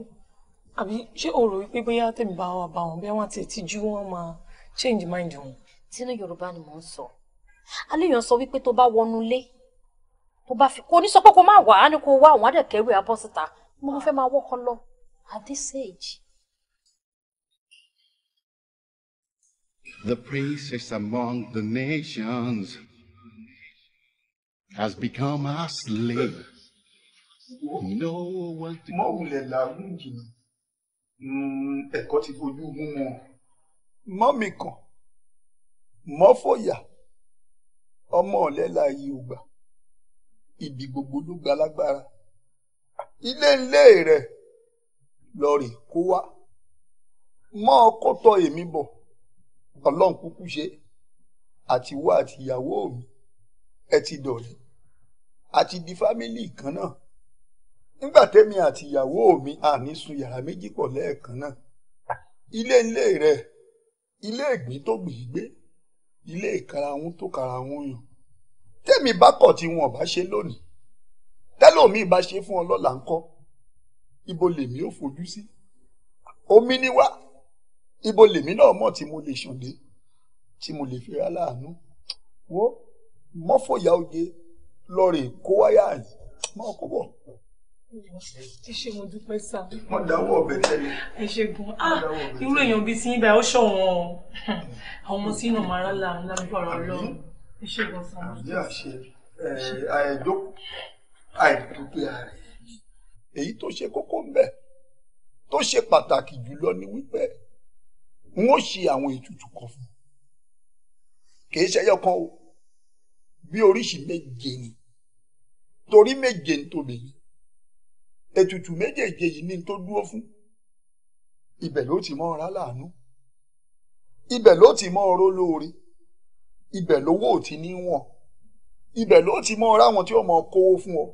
Speaker 4: àbí ṣé o rò wípé bóyá tèmi bá wà bá wọn bí wọn ti tijú wọn máa change mind wọn. tinú yorùbá ni mò ń sọ
Speaker 8: aléèyàn sọ wípé tó bá wọnú ilé tó bá fi kó ní sọ pé kó má wà á ní kó wá àwọn àdẹ̀kẹ́wé abọ́ síta mo ló máa wọ́kọ́ lọ at
Speaker 7: The princess among the nations has become a slave.
Speaker 2: No one to. Mọ̀ wulẹ̀ làwọn jìnnà hmm, ẹ̀kọ́ ti fojú mú wọn. Mọ́ mi kàn, mọ́ fòyà, ọmọ ọ̀lẹ́ la yí o gbà ibi gbogbo ló gba lágbára ilé ńlé rẹ lọrì kó wá mọ ọkọ tọ èmi bọ Ọlọ́run kúkú ṣe àtiwọ àti ìyàwó mi ẹ ti dọ̀rẹ́ àti di fámìlì kan náà nígbà tẹ́mi àti ìyàwó mi àní sun yàrá méjì pọ̀ lẹ́ẹ̀kan náà ilé ńlé rẹ ilé ìgbín tó gbìn gbé ilé ìkarahun tó karahun yàn tẹ́mi bá kọ̀ tí wọn ò bá ṣe lónìí tẹ́lómi bá ṣe fún ọ lọ́la ńkọ́ ibo lèmi ò fojú sí omi ni wá ibo lèmi náà mọ̀ tí mo lè ṣòde tí mo lè fira láàánú wo mọ́fọ̀yà oje lọ́ọ̀rẹ́ kó wáyà yìí
Speaker 4: máa kó bọ̀. ẹ ṣe mo dúpẹ́ sá. wọ́n dáwọ́ ọbẹ̀ tẹ́lẹ̀. ẹ ṣe gan ah irú èèyàn bíi ti yín báyìí ó ṣọ̀wọ́n àwọn ọmọ tí ìnà màrá là ń lágbára ọlọ́run
Speaker 1: àbí
Speaker 2: àṣẹ àìdó àìdókè ààrẹ èyí tó ṣe kókó ń bẹ tó ṣe pàtàkì jùlọ ni wípé n ó ṣe àwọn ètùtù kan fún kì í ṣẹyọ kan o bí oríṣi méje ni torí méje ń tóbi yìí ètùtù méjèèje yìí ni tó dúró fún ibẹ̀ ló ti mọ́ ra láàánú ibẹ̀ ló ti mọ́ ọ̀rọ̀ lóore ibẹ̀ lówó ò ti ní wọ̀n ibẹ̀ ló ti mọ ráwọn tí ó mọ kówó fún ọ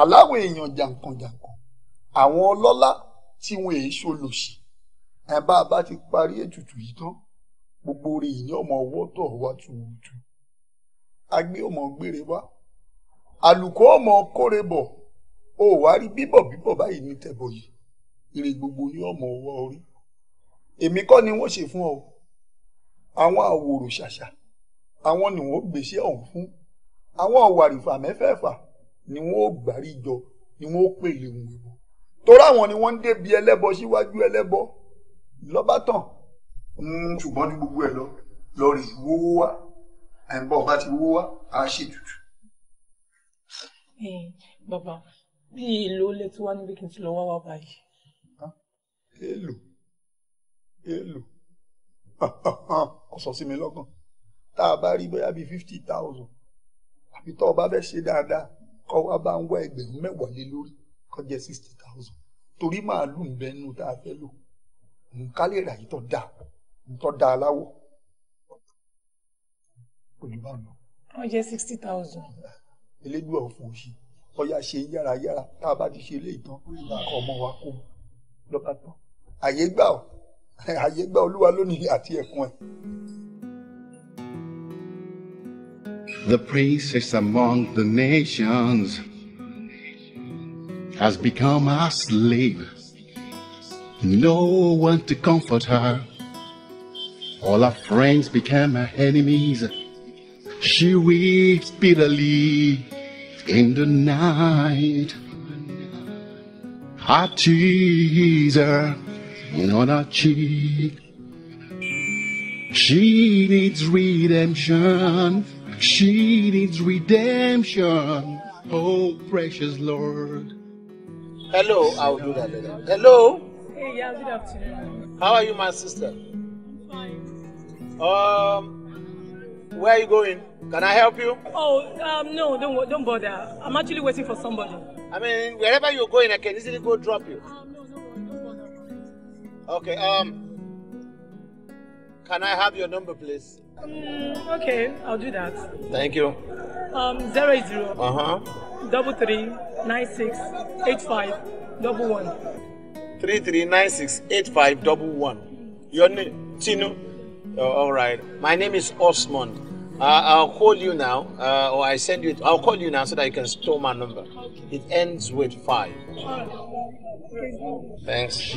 Speaker 2: aláwọ̀ èèyàn jàǹkànjàǹkàn àwọn ọlọ́lá tí wọn èyí ṣolòṣì ẹ bá a bá ti parí ètùtù yìí tán gbogbo rẹ̀ yìí ní ọmọ ọwọ́ tọ̀ wá tuurutu agbé ọmọ gbére wá àlùkò ọmọ kóre bọ̀ ó wá rí bíbọ̀ bíbọ̀ báyìí ní tẹ̀bọ̀ yìí ire gbogbo ní ọmọ ọwọ́ orí èmi kọ́ ni wọ́n ṣe fún ọ àwọn àwòrò ṣàṣà àwọn ni wọ́n gbéṣẹ́ ọ̀hún fún àwọn ọ̀wàrìfà mẹ́fẹ̀ẹ̀fà ni wọ́n gbárí jọ ni wọ́n pè lè wù ẹbọ torí àwọn ni wọ́n ń débi ẹlẹ́bọ síwájú ẹlẹ́bọ lọ́ba tán. Hmm, ṣùgbọ́n ní gbogbo ẹ̀ lọ lọ rí wówó wá àìbọ̀ bá ti wówó wá á ṣètùtù.
Speaker 1: bàbá bí èlò
Speaker 4: lè tí wá níbi kí n ti lọ wá wá báyìí.
Speaker 2: èlò èlò ọ̀sọ̀ sí mi lọ́gàn tá a bá rí bóyá bíi fifty thousand àbí tó o bá fẹ́ ṣe dáadáa kọ́ wa bá ń wá ẹgbẹ̀rún mẹ́wàá lé lórí kó jẹ́ sixty thousand torí màálù ń bẹ nù tá a fẹ́ lò nǹkan lè rà yìí tó dáa tó dáa aláwọ̀ olùbánu.
Speaker 4: wọ́n jẹ́ sixty thousand.
Speaker 2: elédùn ọ̀fọ̀ òṣì ọ̀yà ṣe yárayára tá a bá ti ṣe eléyìí tán kọ́ ọmọ wa kó lọ́ba tán àyè gbà ọ́ àyè gbà olúwa lónìí àti ẹ̀kún ẹ̀.
Speaker 7: the princess among the nations has become a slave. No one to comfort her. All her friends became her enemies. She weeps bitterly in the night. I tease her on her cheek. She needs redemption. She needs redemption. Oh, precious Lord. Hello, I'll do that later. Hello.
Speaker 4: Hey, yeah, good afternoon.
Speaker 7: How are you, my sister? I'm fine. Um, where are you going? Can I
Speaker 4: help you? Oh, um, no, don't don't bother. I'm actually waiting for somebody. I mean, wherever you're
Speaker 7: going, I can easily go drop you. Um, no, no, don't bother. Okay. Um, can I have your number, please? Um, okay, I'll do that. Thank you.
Speaker 4: Um, zero eight zero.
Speaker 7: Uh huh.
Speaker 4: Double three nine six eight five double one.
Speaker 7: Three three nine six eight five double one. Your name Tino. Oh, all right. My name is Osmond. Uh, I'll call you now, uh, or I send you. It. I'll call you now so that you can store my number. Okay. It ends with five. Right. Thanks.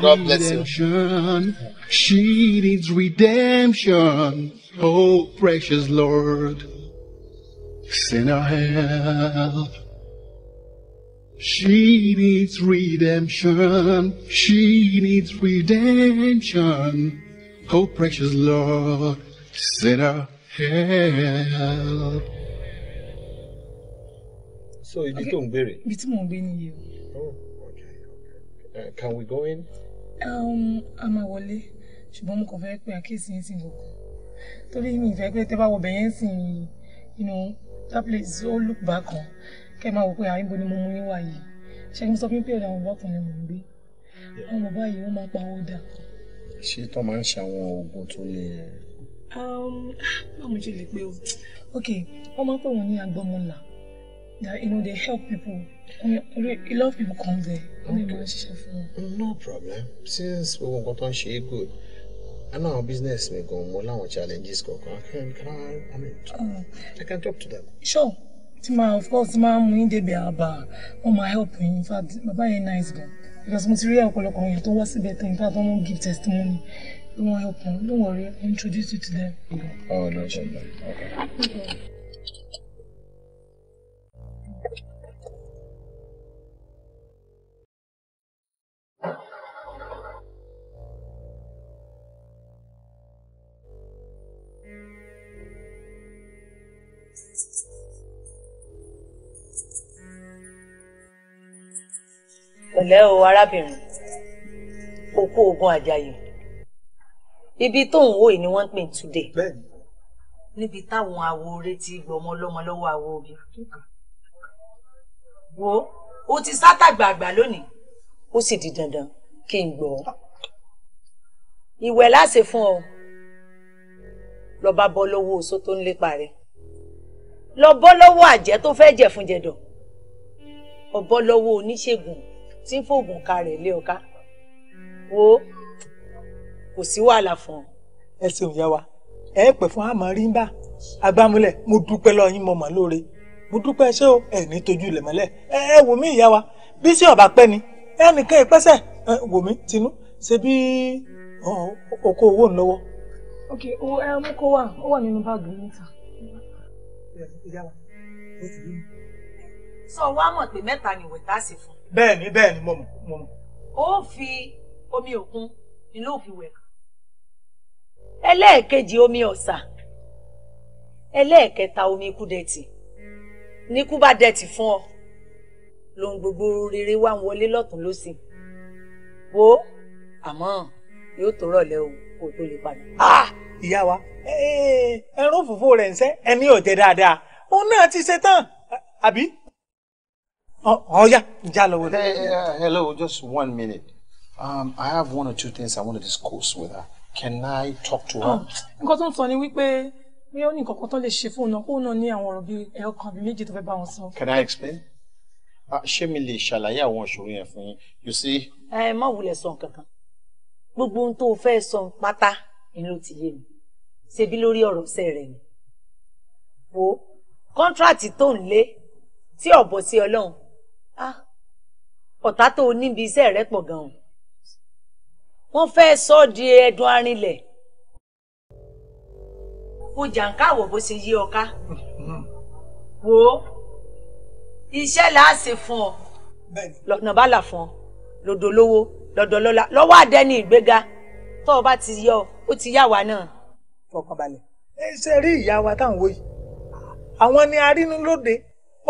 Speaker 7: God bless you. She needs redemption, oh precious Lord. Send her help. She needs redemption. She needs redemption. Oh, precious Lord, send her help. So, ibi tó ń béèrè? Ibi tí mò Oh, okay, okay. Uh, can we go in?
Speaker 4: Um, a máa ṣùgbọ́n mo kàn fẹ́ pé àkíyèsí yín sì ń gòkò torí mi ìfẹ́ pé tẹ́ bá wo bẹ̀yẹn sì ń you know that place ó look back on kẹ́ ẹ máa wò pé àyìnbó ah, ni mo mú yín wá yìí ṣé mo sọ fún pé àwọn ọkùnrin mò ń gbé àwọn bàbá yìí wọ́n máa pa owó dà.
Speaker 7: ṣé tó máa ń ṣe àwọn oògùn tó lè.
Speaker 4: Um, báwo ṣe lè pé o. ok wọ́n máa ń pè wọ́n ní agbọ́mọlà that you know they help people a lot of people come there. okay wọ́n lè máa ṣiṣẹ́ fún wọn. no problem
Speaker 7: since gbogbo nǹkan tó ń ṣe é good. And our business may go more than challenges. I can, can I, I mean, uh, I can talk to them.
Speaker 4: Sure. Tima, of course, ma mú be débi àbá. Wọ́n máa help yín. In fact, bàbá yẹn nice gan. Because material, ti rí ọ̀pọ̀lọpọ̀ èèyàn tó wá síbẹ̀ tán. In fact, wọ́n mú give testimony. want help Don't worry, I'll introduce you to them.
Speaker 1: Oh, no problem. Okay. okay.
Speaker 3: pẹ̀lẹ́ o arábìnrin òkú ogun àjàyè ibi tó ń wò yìí ni wọ́n ń pè túdé níbi táwọn awo oré ti gbọmọ lọ́mọ lọ́wọ́ awo obi wo o ti sátàgbàgbà lónìí ó sì di dandan kí n gbọ́ ìwẹ̀ láṣẹ fún ọ lọ bá bọ́ lọ́wọ́ oṣó tó ń lépa rẹ̀ lọ bọ́ lọ́wọ́ àjẹ́ tó fẹ́ jẹ̀fun jẹ̀dọ̀ ọbọ lọ́wọ́ oníṣègùn tí ń fògùn ka rẹ̀ lé ọ̀ká wo kò sí wàhálà fún ọ.
Speaker 5: ẹ ṣeun yá wa ẹ pẹ fún àmọ rí ń bá agbámúlẹ̀ mo dúpẹ́ lọ yín mo mọ lóore mo dúpẹ́ ṣé o ẹ ní tójú ilẹ̀ mọ́lẹ̀ ẹ ẹ wò mí ìyá wa bí sí ọba pẹ ni ẹnìkan ìpẹsẹ ẹ wò mí tinú ṣe bí oko owó ń lọ́wọ́.
Speaker 4: ok o ẹ mú kó wà ó wà nínú báàgì níta.
Speaker 5: ìyá wa ó ti rí mi.
Speaker 3: sọ wá mọ̀ pé mẹ́ta ni wẹ̀tá sì fún
Speaker 5: bẹ́ẹ̀ ni bẹ́ẹ̀ ni mo mọ̀.
Speaker 3: ó fi omi òkun ni ló fi wẹ̀ kàn ẹlẹ́ẹ̀kejì omi ọ̀sà ẹlẹ́ẹ̀kẹta omi ikú dẹ̀tì níkú bá dẹ̀tì fún ọ lóhun gbogbo rere wá ń wọlé lọ́tún lọ́sìn wo àmọ́ yóò tó rọ̀lẹ́ o kó o tó lè padà. ìyá wa ẹran òfófó rẹ̀ ń sẹ́ ẹ̀mí
Speaker 5: ò jẹ́ dáadáa òun náà ti ṣe tán
Speaker 7: àbí. Oh, oh yeah, ìjà lọ́wọ́. hello just one minute um, I have one or two things I want to discuss with her can I talk to her.
Speaker 4: Because oh, tó ń sọ ni wípé bí ó ní nǹkan kan tó lè ṣe fún un náà kó náà ní àwọn ọ̀rọ̀ bíi ẹ̀rọ can
Speaker 7: I explain? Ah, ṣé mi lè ṣàlàyé àwọn ìṣòro yẹn fún yín you see.
Speaker 4: ẹ má wulẹ̀ sọ nǹkan kan gbogbo ohun tó o
Speaker 3: fẹ́ sọ pátá ni ló ti yé mi ṣebí lórí ọ̀rọ̀ ṣẹ́ rẹ̀ ni. wo Ah, ọ̀tá tó o níbi iṣẹ́ rẹ pọ̀ gan-an wọ́n fẹ́ sọ ọ́ di ẹ̀dùn arinlẹ̀ kò jàǹká àwọ̀ bó ṣe yí ọká wo iṣẹ́ là á ṣe fún ọ lọ́nà bá là fún ọ lọ́dọ̀ lówó lọ́dọ̀ lọ́lá lọ́wọ́ àdẹ́ni ìgbéga tó o bá ti yọ ó ti yá wa náà. fọkànbalẹ̀ ẹ ṣe rí ìyá wa táwọn wò yìí
Speaker 5: àwọn ni arínúlóde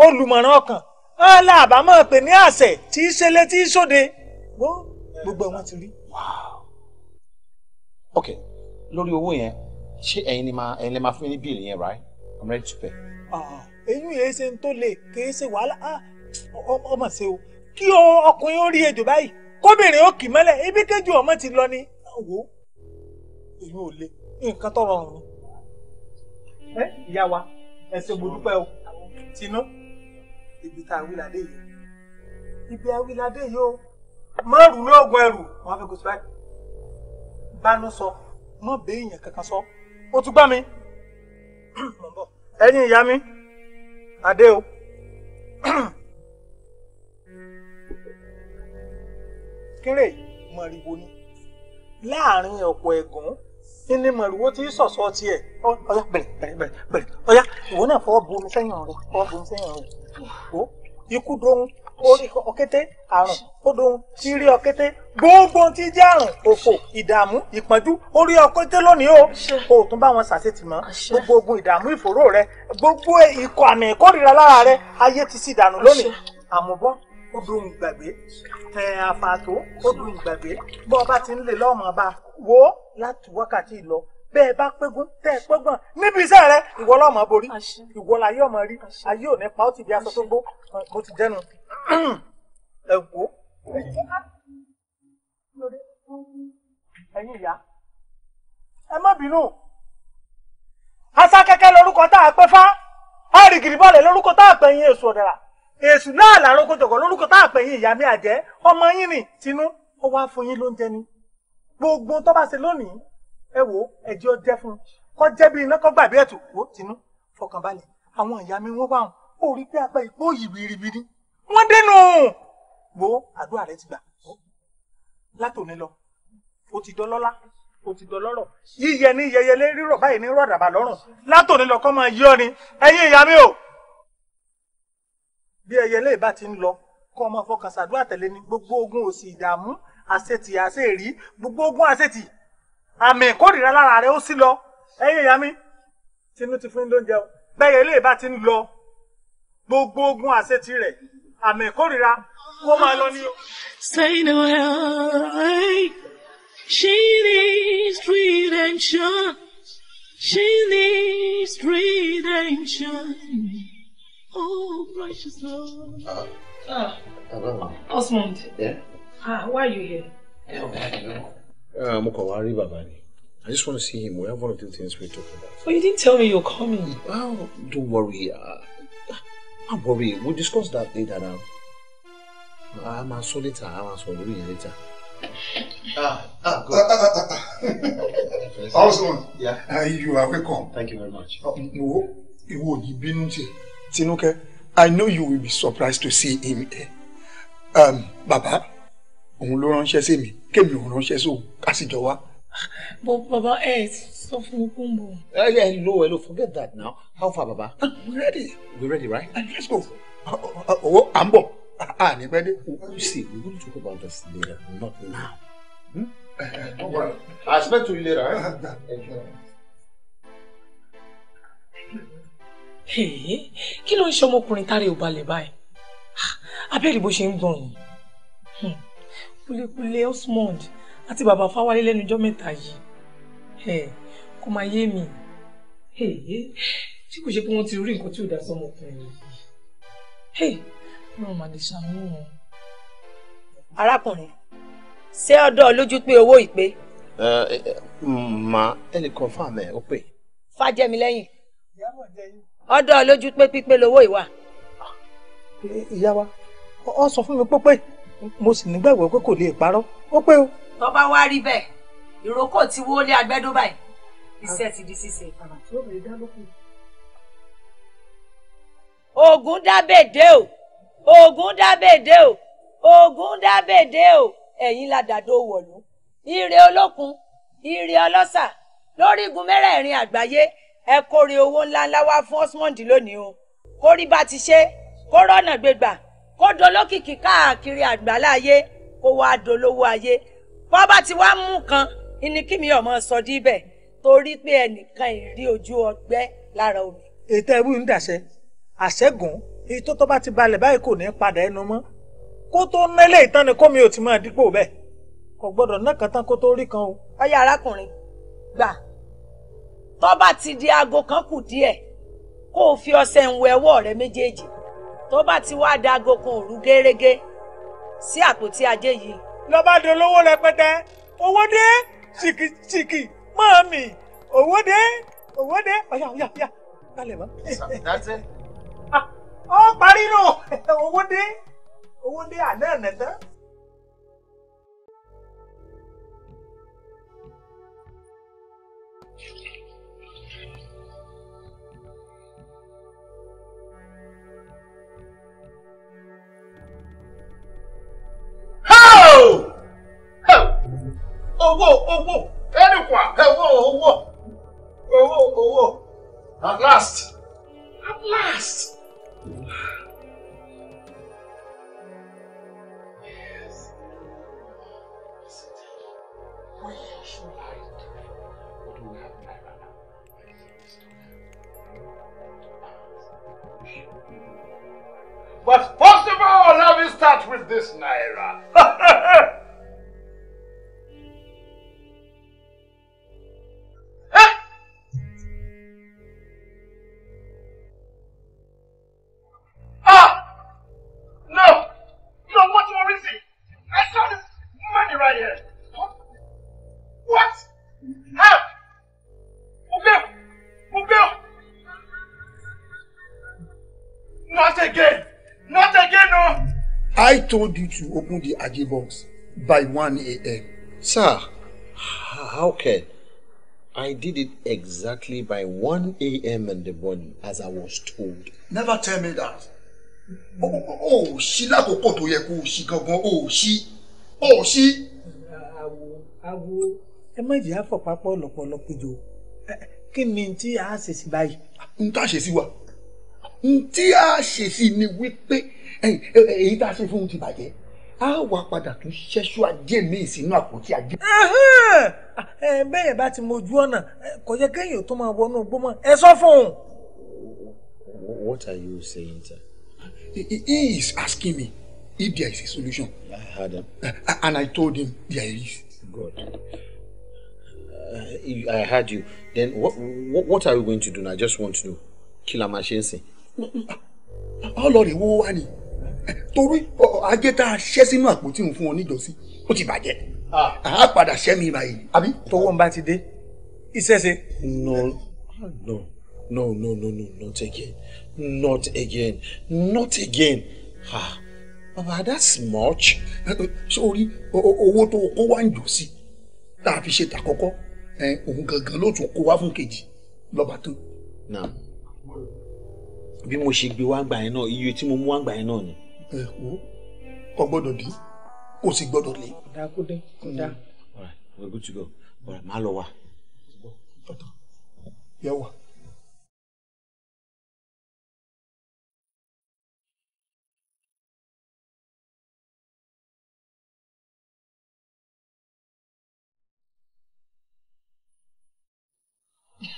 Speaker 5: olùmọ̀ràn ọkàn wọn là bá mọ̀ pé ní àṣẹ tí í ṣẹlẹ̀ tí í ṣòde gbogbo wọn ti rí.
Speaker 7: ok lórí owó yẹn ṣé ẹ̀yin ni máa ẹ̀yin lè máa fún ní bíìlì yẹn right i'm ready to pay.
Speaker 5: eyín yẹn ṣe ń tó lè kì í ṣe wàhálà ọmọ ṣe o kí ọkùnrin ó rí ejò báyìí kóbìnrin ó kì mọ́lẹ̀ ibi kejì ọmọ ti lọ ni wo èyí ò le nǹkan tó rọrùn ni. ẹ ìyá wa ẹ ṣé mo dúpẹ́ o tinú ibi tá a wí ládé yìí ibi a wí ládé yìí o márùn ní ọgbọ̀n ẹrù wọn fẹ́ kó sí báyìí bánú sọ mọ béèyàn kankan sọ ó tún gbá mi ẹ̀yin ìyá mi adé o. kéré mọ̀rìwò ni láàrin ọ̀pọ̀ ẹ̀gàn ilé mọ̀rùwó tí sọ̀sọ̀ tiẹ̀ ọ̀yá bẹ̀rẹ̀ bẹ̀rẹ̀ bẹ̀rẹ̀ bẹ̀rẹ̀ ọ̀yá ìwọ náà fọwọ́ bu omi sẹ́yìn rẹ̀ fọwọ́ bu omi sẹ́yìn rẹ̀ o ikú dohun orí ọkété àrùn ó dohun tí rí ọkété gbogbo tí jẹ́ àrùn òfò ìdààmú ìpọ́njú orí ọkété lónìí o o tún bá wọn ṣàṣetì mọ́ gbogbo ogun ìdààmú ìfòró rẹ gbogbo ikọ̀ àmì ìkórìíra lára rẹ ayé ti sì dànù lónìí àmúbọ́ obìnrin gbàgbé tẹ àfàtó obìnrin gbàgbé bó ọba ti ń lè lọ́mọ ọba wo láti wákàtí lọ bẹ́ẹ̀ bá pégún tẹ́ ẹ pẹ́gbọ́n níbi iṣẹ́ rẹ ìwọ lọ́mọ borí ìwọ la yọ̀mọ rí ayé ò ní pa ó ti di aṣọ tó gbó mo ti dẹnu ẹ wò. ẹ̀yin ìyá ẹ má bínú asákẹ́kẹ́ lórúkọ tá a pẹ́ fá àrìgìrì bọ́ọ̀lù lórúkọ tá a pẹ́ yín èso ọ̀dàrà èṣù náà làrán kòjọ̀gọ̀ lórúkọ tá àpẹ̀yìn ìyá mi àjẹ́ ọmọ yín nì tinú ó wá fún yín lóúnjẹ ni gbogbo tó bá ṣe lónìí ẹ wò ẹjẹ ó jẹ fún un kọ jẹ bí iná kọ gbàgbé ẹtù wò tinú fọkànbalẹ̀ àwọn ìyá mi wọn wáhùn ó rí pé apá ìpó yìí biribiri wọn dẹnu wo àdúrà rẹ ti gbà látòní lọ ó ti dọlọ́lá ó ti dọlọ́rọ̀ yíyẹ ní yẹyẹlé rírọ̀ báyìí ní rọ̀dàbà lọ́rùn látòní lọ kọ́ máa yọ ni ẹ̀yin ìyá mi o bí ẹyẹlé bá ti ń lọ kọ́ ọmọ fọkàn ṣàdúrà tẹ̀lé ni gbogbo ogun òsì ìdààmú àṣetì àṣèrí gbogbo ogun àṣetì àmì ìkórìíra lára rẹ ó sì lọ ẹyẹ ìyá mi tinú ti fún lóúnjẹ o bẹ́ẹ̀ ẹyẹlé bá ti ń lọ gbogbo ogun àṣetì rẹ àmì ìkórìíra
Speaker 4: kó máa lọ ní o. Stay no way. She needs
Speaker 1: redemption. She needs redemption. Oh, righteous Lord. Ah. Ah.
Speaker 7: ah
Speaker 4: Osmond. Yeah? Ah, why are you here? I'm
Speaker 7: Uh, Mokowari Babani. I just want to see him. We have one of two things we're talking about.
Speaker 4: But oh, you didn't tell me you're coming. Well,
Speaker 7: don't worry. Uh, don't worry. We'll discuss that later now. I'm a solitaire. I'm a solitaire later. Ah, ah, good. Ah,
Speaker 1: ah,
Speaker 7: ah,
Speaker 2: Yeah. Uh, you are welcome. Thank you very much. Uh, no, you will be Tinuke, I know you will be surprised to see him here. Um, baba, òun ló ránṣẹ́ sí mi, kémi òun ránṣẹ́ sí òun, ká sì jọ wá.
Speaker 7: But baba, ẹ sọ fún mi kó ń bọ̀. Ẹ lo ẹ lo forget that now. How far baba? Uh, we ready. We ready right? And ah, let's go. Owó oh, oh, oh, à ń bọ̀, à ní pẹ́ dé. You see, we will talk about this later, not now. Hmm? Uh, eh, eh, no worry. I expect to you later. Eh? Enjoy.
Speaker 4: kí ló ń ṣe ọmọkùnrin tára ò balẹ̀ báyìí ah, abẹ́rẹ́ bó ṣe ń gbọ̀n yìí hmm, kulikuli osmond àti bàbá fáwálé lẹ́nu ọjọ́ mẹ́ta yìí kò máa yé mi tí kò ṣe pé wọ́n ti rí nǹkan tí ò dá sọ́mọkùnrin yìí lọ́run mà lè ṣàánú arákùnrin
Speaker 3: ṣé ọ̀dọ̀ lójú pé owó ìpè.
Speaker 7: màá ẹnì kan fáàmì ẹ ó pè.
Speaker 3: fàjẹmílẹ́yìn. ìyá mọ̀ jẹ́ yín ọdọ lójú pé pípé lowó ìwà. ìyá wa ọ sọ fún mi pé
Speaker 5: pé mo sì nígbàgbọ́ pé kò lè parọ́ ó pé o.
Speaker 3: tó bá wá rí bẹ́ẹ̀ ìrókò ti wó lé agbẹ́dọ́ báyìí iṣẹ́ ti di ṣíṣe. ogun dábèdè o ogun dábèdè o ogun dábèdè o ẹ̀yin ládàdo wọ̀lú ire olókun ire ọlọ́sà lórígun mẹ́rẹ̀ẹ̀rin àgbáyé ẹ kórè owó ńláńlá wá fún Osmond lónìí o kó rí bá ti ṣe kó rọ́nà gbégbà kó dolókìkí káàkiri àgbáláyé kó wá dolówó ayé bọ́ bá ti wá mú kan ni kí mi ọmọ sọ díbẹ̀ torí pé ẹnìkan ìrí ojú ọgbẹ́ lára omi. ètò
Speaker 5: ẹbú ń dàṣẹ àṣẹgùn èyí tó tọ́ bá ti balẹ̀ báyìí kò ní padà ẹnu mọ́ kó tó nílé ìtàn ni kómi ò ti máa dípò bẹ́ẹ̀ kò gbọ́dọ̀ náà kàn tán kó tó rí kan o.
Speaker 3: ọyá arákùnrin gbà tó bá ti di aago kan kù díẹ̀ kó o fi ọṣẹ ń wẹ ọwọ́ rẹ méjèèjì tó bá ti wá da aago kan òru gẹ́rẹ́gẹ́ sí àpótí ajé yìí.
Speaker 5: lọ́ba dolówó rẹpẹtẹ owó dé ṣìkìṣìkì máa mì owó dé owó dé ọ̀yà ọ̀yà ọ̀yà kálẹ̀ mọ́. sàmìdáṣẹ́. ọ ah, parí nù owó dé owó dé àná ẹ̀nẹ̀ tán. Thank you.
Speaker 1: owó owó
Speaker 7: ẹnìkwà owó owó owó owó at last at last.
Speaker 2: I told you to open the Aji box by 1 a.m.
Speaker 7: Sir, how can? I did it exactly by 1 a.m. in the morning as I was told. Never tell me that. Oh, she ṣí lákòókò tó yẹ kó o
Speaker 2: ṣí gangan o ò ṣí o ò ṣí. Àwo àwo ẹ má jẹ́
Speaker 5: àfọ̀pápọ̀ lọ́pọ̀lọpọ̀ jò kí ni tí a ṣe si báyìí. N tá a ṣe sí wa,
Speaker 2: n tí a ṣe si ni wípé èyí tá a ṣe fún ti bàjẹ́ a wà padà tún ṣẹ́ṣú ajé míì sínú àpótí ajé.
Speaker 5: bẹ́ẹ̀ bá ti mojú ọ̀nà kò yẹ kéèyàn tó máa wọnú igbó mọ́ ẹ sọ fún un.
Speaker 7: What are you saying, sir?
Speaker 2: He is asking me if there is a solution.
Speaker 7: I heard him. Uh,
Speaker 2: and I told him there is.
Speaker 7: God. Uh, I heard you. Then what, what, what are we going to do now? I just want to know. Kí la máa ṣe ń sìn.
Speaker 2: Ọlọ́rẹ̀ wo wá torí ajé tá a ṣẹ́ sínú àpótí òun fún wọn níjọ́sí ó ti bàjẹ́ ah. a padà ṣẹ́ mi báyìí àbí. tọwọ́ ń
Speaker 7: bá ti dé iṣẹ́ ṣe. no no no no no no not again not again not again ah baba that's
Speaker 2: much. Eh, eh, sórí owó tó kó wá ń jò sí tá a fi ṣe tàkọ́kọ́ òun gangan ló tún kó wá fún kejì lọ́ba tó.
Speaker 6: náà bí mo ṣe gbé wá gbà yẹn náà iye tí mo mú wá gbà yẹn náà ni ẹ wo kò gbọ́dọ̀ dí
Speaker 2: kò sì gbọ́dọ̀ lé. ọ̀dà kó dé
Speaker 6: ọ̀dà. ọ̀rẹ́ mm. we're good to go ọ̀rẹ́ máa
Speaker 1: lọ wa. ọ̀tọ̀ yẹ wà.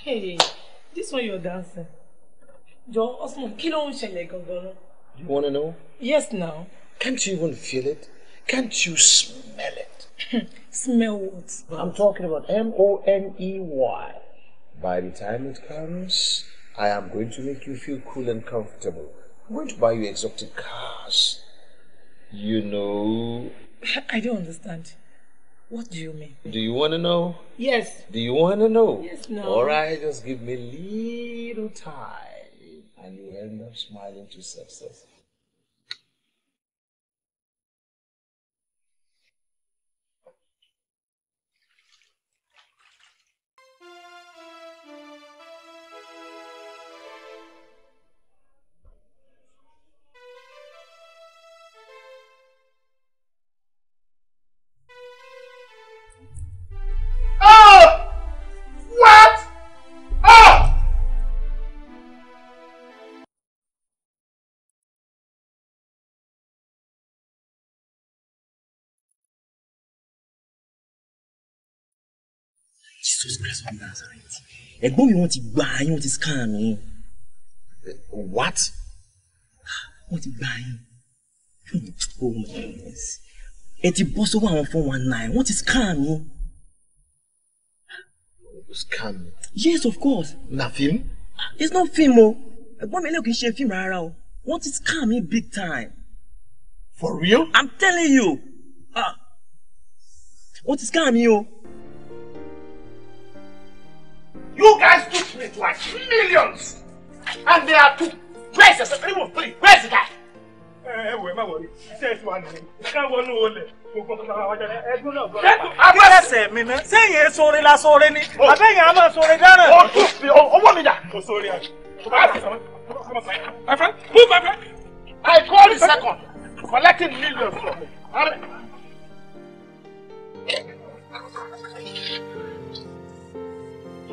Speaker 1: Hey, this one you're dancing.
Speaker 4: John Osmo, kí ló ń ṣẹlẹ̀ gangan náà?
Speaker 7: You want to know? Yes, now. Can't you even feel it? Can't you smell it?
Speaker 4: smell what? I'm
Speaker 7: talking about M O N E Y. By the time it comes, I am going to make you feel cool and comfortable. I'm going to buy you exotic cars. You know.
Speaker 4: I don't understand. What do you mean?
Speaker 7: Do you want to know? Yes. Do you want to know? Yes, no. All right, just give me a little time and you end up smiling to success.
Speaker 1: Jésù bí Nazareth ẹ̀gbọ́n mi wọ́n ti gba yín wọ́n ti scan yín.
Speaker 4: what. wọ́n ti gba yín oh my goodness ẹ ti bọ́ sọ́wọ́ àwọn four one nine wọ́n ti scan yín. scan. yes of course. na film. it's not film o ẹ̀gbọ́n mi lẹ́kọ̀ọ́ kì í ṣe fíìmù rárá o wọ́n ti scam me big time. for real. i'm telling you. ah wọ́n ti scam me o. Oh. You
Speaker 2: guys took me to watch millions. And they are two. Where's the second Where's the guy? Eh, eh, ẹ wẹ̀ má wọlé, iṣẹ́ ìtura nìyẹn.
Speaker 5: Ká wọnú olè, gbogbo ọ̀sán àwọn ọjà ẹgbẹ́ náà gbọ́dọ̀. Kí lẹ́sẹ̀ mi ná? Sẹ́yìn sóore la sóore ni. Oh. Àbẹ́yìn a máa sóore dáná. Ó tún fi owó mi dà. Kò sóore àná.
Speaker 1: My
Speaker 2: friend, move my friend. I call the second, collecting millions from me.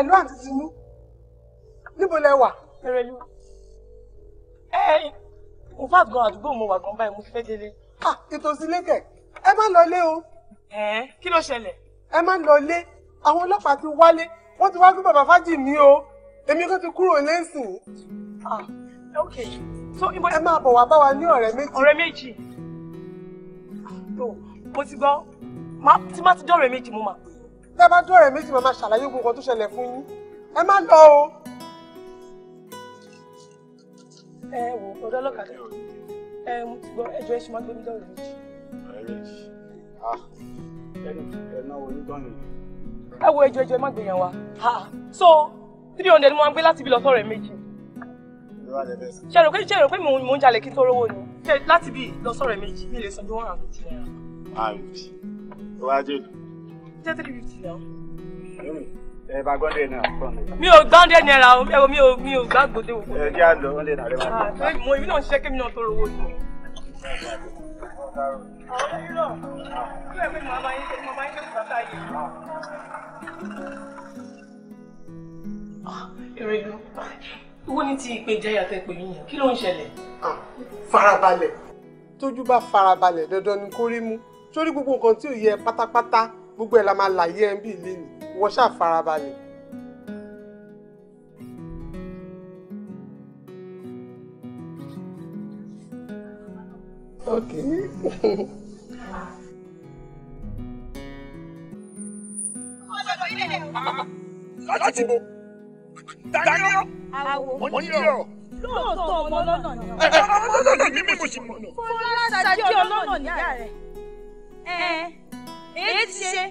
Speaker 4: Hello àǹtí Tinú. Níbo lẹ wà? Erelu. Ẹ ẹ in fact gan àdúgbò mo wà gan báyìí mo fẹ́ délé. À ah, ìtòsí lékẹ̀. Ẹ má lọ lé o. Ẹ kí ló ṣẹlẹ̀?
Speaker 5: Ẹ má lọ lé. Àwọn ọlọ́pàá ti wálé. Wọ́n ti wá gbé bàbá Fájìmí o. Èmi kò ti kúrò
Speaker 4: lẹ́sìn. Ah okay. So ibo ẹ máa bọ̀ wá bá wa ní ọ̀rẹ́ méjì. Ọ̀rẹ́ méjì. Ah, mo ti gbọ́ tí má ti dọ̀rẹ́ méjì mo máa
Speaker 5: tẹ́ bá dúró rẹ̀ méjì màmá ṣàlàyé gbogbo tó ṣẹlẹ̀ fún yín ẹ má lọ o.
Speaker 4: ẹ wò ọ̀dọ́ ọlọ́kadà ẹ mo ti gbọ́ ẹjọ́ ẹ máa gbé mi
Speaker 6: méjì. Ah, ẹ
Speaker 4: wo ẹjọ́ ẹjọ́ ẹ má gbèyàn wa so three hundred ni wọ́n gbé láti ibi lọ́tọ̀ rẹ̀ méjì ṣe rò pé ṣe rò pé mò ń jalè kí n tó rówó ni láti bí lọ sọ̀rọ̀ méjì mi lè san bí wọ́n hàn fún ti
Speaker 6: náírà. àrùn tí ó jẹ́ three fifty náà.
Speaker 4: ẹ bá gbọ́ndé náà fún mi. mi ò gbọ́ndé náírà o mi ò mi ò mi ò gbàgbọ́dé o. ẹ jẹ́ àlọ́ ọ̀ndé náà rẹ máa. Ah, mo ìbí náà ṣiṣẹ́ kémi náà tó rówó ni. àwọn irọ́ kí ẹ pé mo máa bá yín mo máa yín pé bàbá yìí. Erédú, owó ní ti ìpèjáyà tẹ pè yín kí ló ń ṣẹlẹ̀? Ah, farabalẹ̀.
Speaker 5: Tójú bá farabalẹ̀ dandan ni kó rí mú. Sórí gbogbo nǹkan tí ò yẹ pátápátá gbogbo ẹ̀ la máa láyé ẹ̀ ń bì lé ní wọ́n ṣáà farabalẹ̀.
Speaker 1: Okay. láti bo dáná oníyọ. lóòótọ́ ọmọ ọlọ́nà ni ọ. ọmọ ọlọ́nà ni mi mo sì mọ̀ nà. fọlá ṣáájú ọlọ́nà níyà rẹ̀ èyí ti ṣe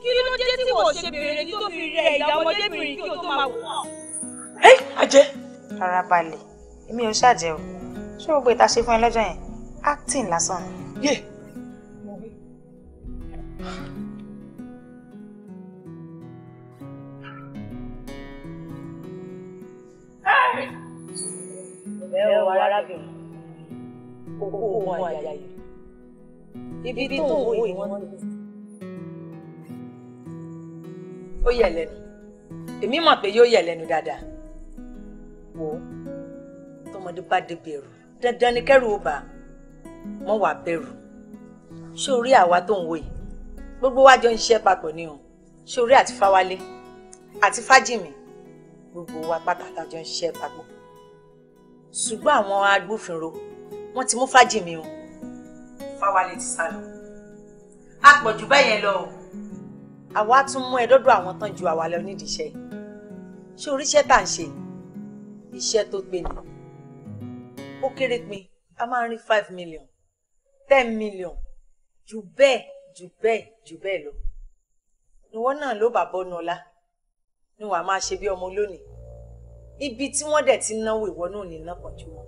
Speaker 3: kí ló dé tí wọ́n ṣe bèrè ní tó fi rẹ ìyá ọmọdébìnrin kí o tó máa wò wọ́n. ẹ àjẹ. rárá balẹ̀ èmi ò ṣàjẹ́ o ṣé o gbé ṣe fún ẹ lọ́jọ́ yẹn acting lásán ni. yé mo wí.
Speaker 1: bẹ́ẹ̀ o arábìnrin gbogbo
Speaker 3: ohun àyà yìí ibi tó ń wo ìwọ́n lò. ó yẹ lẹ́nu èmi mọ̀ pé yóò yẹ lẹ́nu dáadáa wò ó tọmọdé bá débi ẹ̀rù dandan ni kẹ́rù ó bà á mọ́ wàá bẹ̀rù ṣé orí àwa tó ń wò yìí gbogbo wa jọ ń ṣiṣẹ́ papọ̀ ni o ṣé orí àti fáwálé àti fájìmí gbogbo wa pátá jọ ń ṣiṣẹ́ papọ̀ ṣùgbọ́n àwọn agbófinró wọ́n ti mú fájìmí o fáwálé ti sá lọ àpọ̀jù bẹ́yẹn lọ o àwa tún mú ẹ dọ́dọ̀ àwọn tán ju àwa lọ nídìí iṣẹ́ yìí ṣé oríṣẹ́ tà ń ṣe iṣẹ́ tó gbé ni ó kéré pin a máa ń rí five million ten million jù bẹ́ẹ̀ jù bẹ́ẹ̀ jù bẹ́ẹ̀ lọ ìwọ náà ló bá bọ́nu ọlá ni wàá máa ṣe bí ọmọ lónìí ibi tí wọ́n dẹ̀ ti náwó ìwọ náà ní náà pọ̀ jù wọn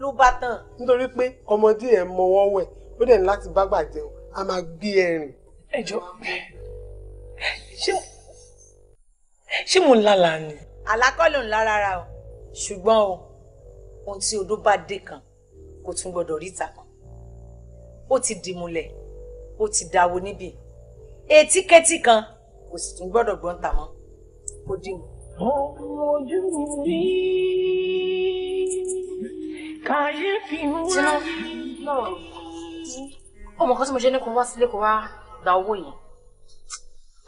Speaker 3: ló bá tán. nítorí pé ọmọdé ẹ̀ mọwọ́ wẹ̀ ó dẹ̀ ní láti bá gbà jẹun a máa gbé ẹ̀rìn. ẹ jọ
Speaker 4: ṣé mo ń lálà ni.
Speaker 3: àlákọ́lù ńlá rárá o ṣùgbọ́n o ohun tí odó bá dé kan kò tún gbọ́dọ̀ ríta kan ó ti dìmúlẹ̀ ó ti dáwọ́ níbí etíkẹ́tì kan kò sì tún gbọ́dọ̀ gbọ́n tà mọ́ kó dìmú. ọmọ ojú mi kàyéfì ń wá.
Speaker 8: ọmọ kan tí mo ṣe ní kó wá sílé kó wá gba owó yẹn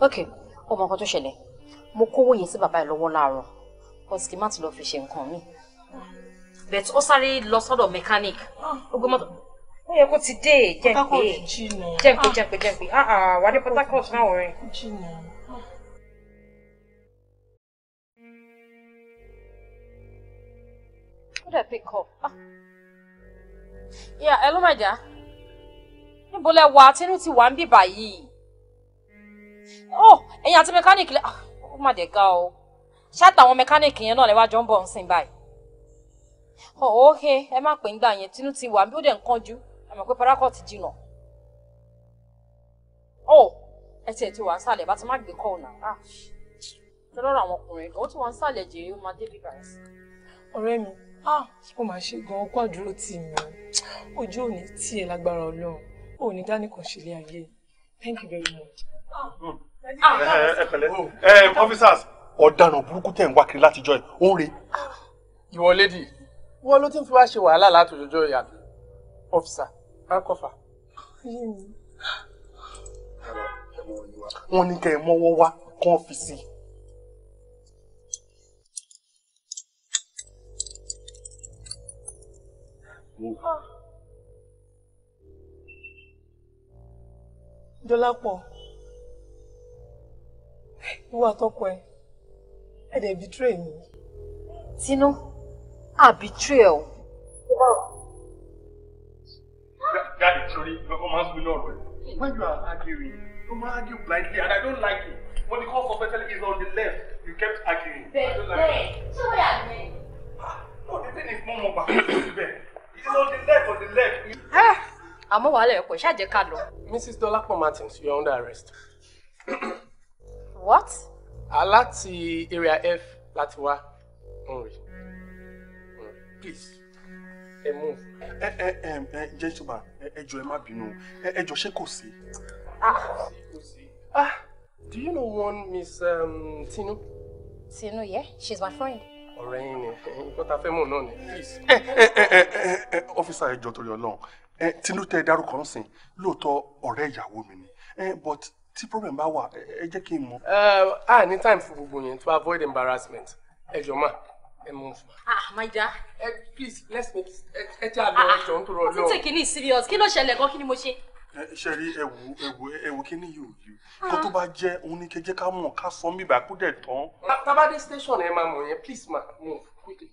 Speaker 8: ok o mọ nǹkan tó ṣẹlẹ̀ mo kówó yẹn sí bàbá ẹ̀ lọ́wọ́ láàárọ̀ but kì má ti lọ́ọ́ fi ṣe nǹkan mi but ó sáré lọ sọ́dọ̀ mechanic ah. ogun mọ́tò ó yẹ kó ti dé jẹ́ǹpé jẹ́ǹpé jẹ́ǹpé jẹ́ǹpé wà á dé Port Harcourt náà wọ̀rẹ́. Could I ah. pick up? Ah. Yeah, hello my dear. Níbo lẹ wà? Tinú ti wà ń bì báyìí oh ẹ̀yin àti mẹkáníìkì lẹ ah, ó má dé ga o ṣáàtà àwọn mẹkáníìkì yẹn náà lẹ wá jọ ń bọ̀ ń báyìí oh ok ẹ má pè ń gbà yẹn tinú ti wà bí ó dẹ̀ ń kánjú ẹ pé parakọ́ jìnà oh ẹ tiẹ̀ ti wà ń sàlẹ̀ bá ti má gbé kọ́ ọ̀nà ah lọ́rọ̀ àwọn ọkùnrin kan ó ti wà ń sàlẹ̀ jèrè ó máa débi bàrẹ̀
Speaker 4: sí. ọ̀rẹ́ mi ah ó máa ṣe gan-an kó àdúró tì mí ojú òní tiẹ̀ lágbára ọlọ́run òní dání kan ṣe lé ayé yìí. Thank you very much.
Speaker 1: Ẹ Ah. Eh,
Speaker 2: eh, ẹ eh, officers ọ̀daràn burúkú tẹ̀ ń wá kiri látijọ́ ẹ̀ ó ń re.
Speaker 9: Ìwọ lady, wọ́n ló ti ń fi wá ṣe wàhálà látòjọ́jọ́ ìyàtọ̀. Ọ̀físà, Akọ́fà.
Speaker 2: Wọ́n ní kẹ́ ẹ mọ́wọ́ wá kán fi sí i.
Speaker 1: Oh.
Speaker 4: Dọ́lápọ̀ ìwọ àtọkọ ẹ ẹ dẹ̀ betray mi. Tinú a betray ẹ o.
Speaker 2: Jáde sórí ìgbẹ́fọ́ máa ń sún ní ọ̀rọ̀ ẹ̀. When you are arguing, you must argue blindly and I don't like it. When the cause of battle is on the left, you kept arguing. Bẹ́ẹ̀ bẹ́ẹ̀
Speaker 5: tí ó yà ah, No, the thing is more mobile. It is on the left, on the left.
Speaker 8: Eh, àmọ́ wàhálà ẹ̀kọ́ ṣáàjẹ́ ká lọ.
Speaker 9: Mrs. Dolapo Martins you are under arrest. What? aláti area F láti wá nri
Speaker 2: please ẹ mú. ẹ ẹ ẹ ẹ gentleman ẹ jọ̀ọ́ ẹ má bínú ẹ jọ̀ọ́ ṣé ah. kò sí.
Speaker 9: ah do you know one Miss um, Tinu. Tinu yeah she is my friend ọ̀rẹ́ yín ni nǹkan tá a fẹ́ mọ̀ náà ni.
Speaker 2: ọ́fíìsà ẹjọ́ torí ọlọ́run ẹ tinú tẹ dárúkọ ń sìn lóòótọ́ ọ̀rẹ́ ìyàwó mi ni ẹ but tí problem bá wà ẹ jẹ́ kí n mọ̀.
Speaker 9: a ní time fún gbogbo yẹn to avoid embarrassment ẹ jọ máa ẹ mú un fún. ah my dear. ẹ please let's make ẹ jẹ́ àlọ́
Speaker 2: ọjọ́ ń tọrọ lọ́wọ́. o ti tèkì
Speaker 9: ní
Speaker 8: serious kí ló ṣẹlẹ̀ gan kí ni mo ṣe
Speaker 2: ṣe rí ẹwù ẹwù ẹwù kí ni yóò yí kó tó bá
Speaker 9: jẹ òun ni kẹjẹ ká mọ ká sọ mí bá kú dẹ tán. tábàdé station ẹ máa mọ̀ yẹn please ma move
Speaker 1: quickly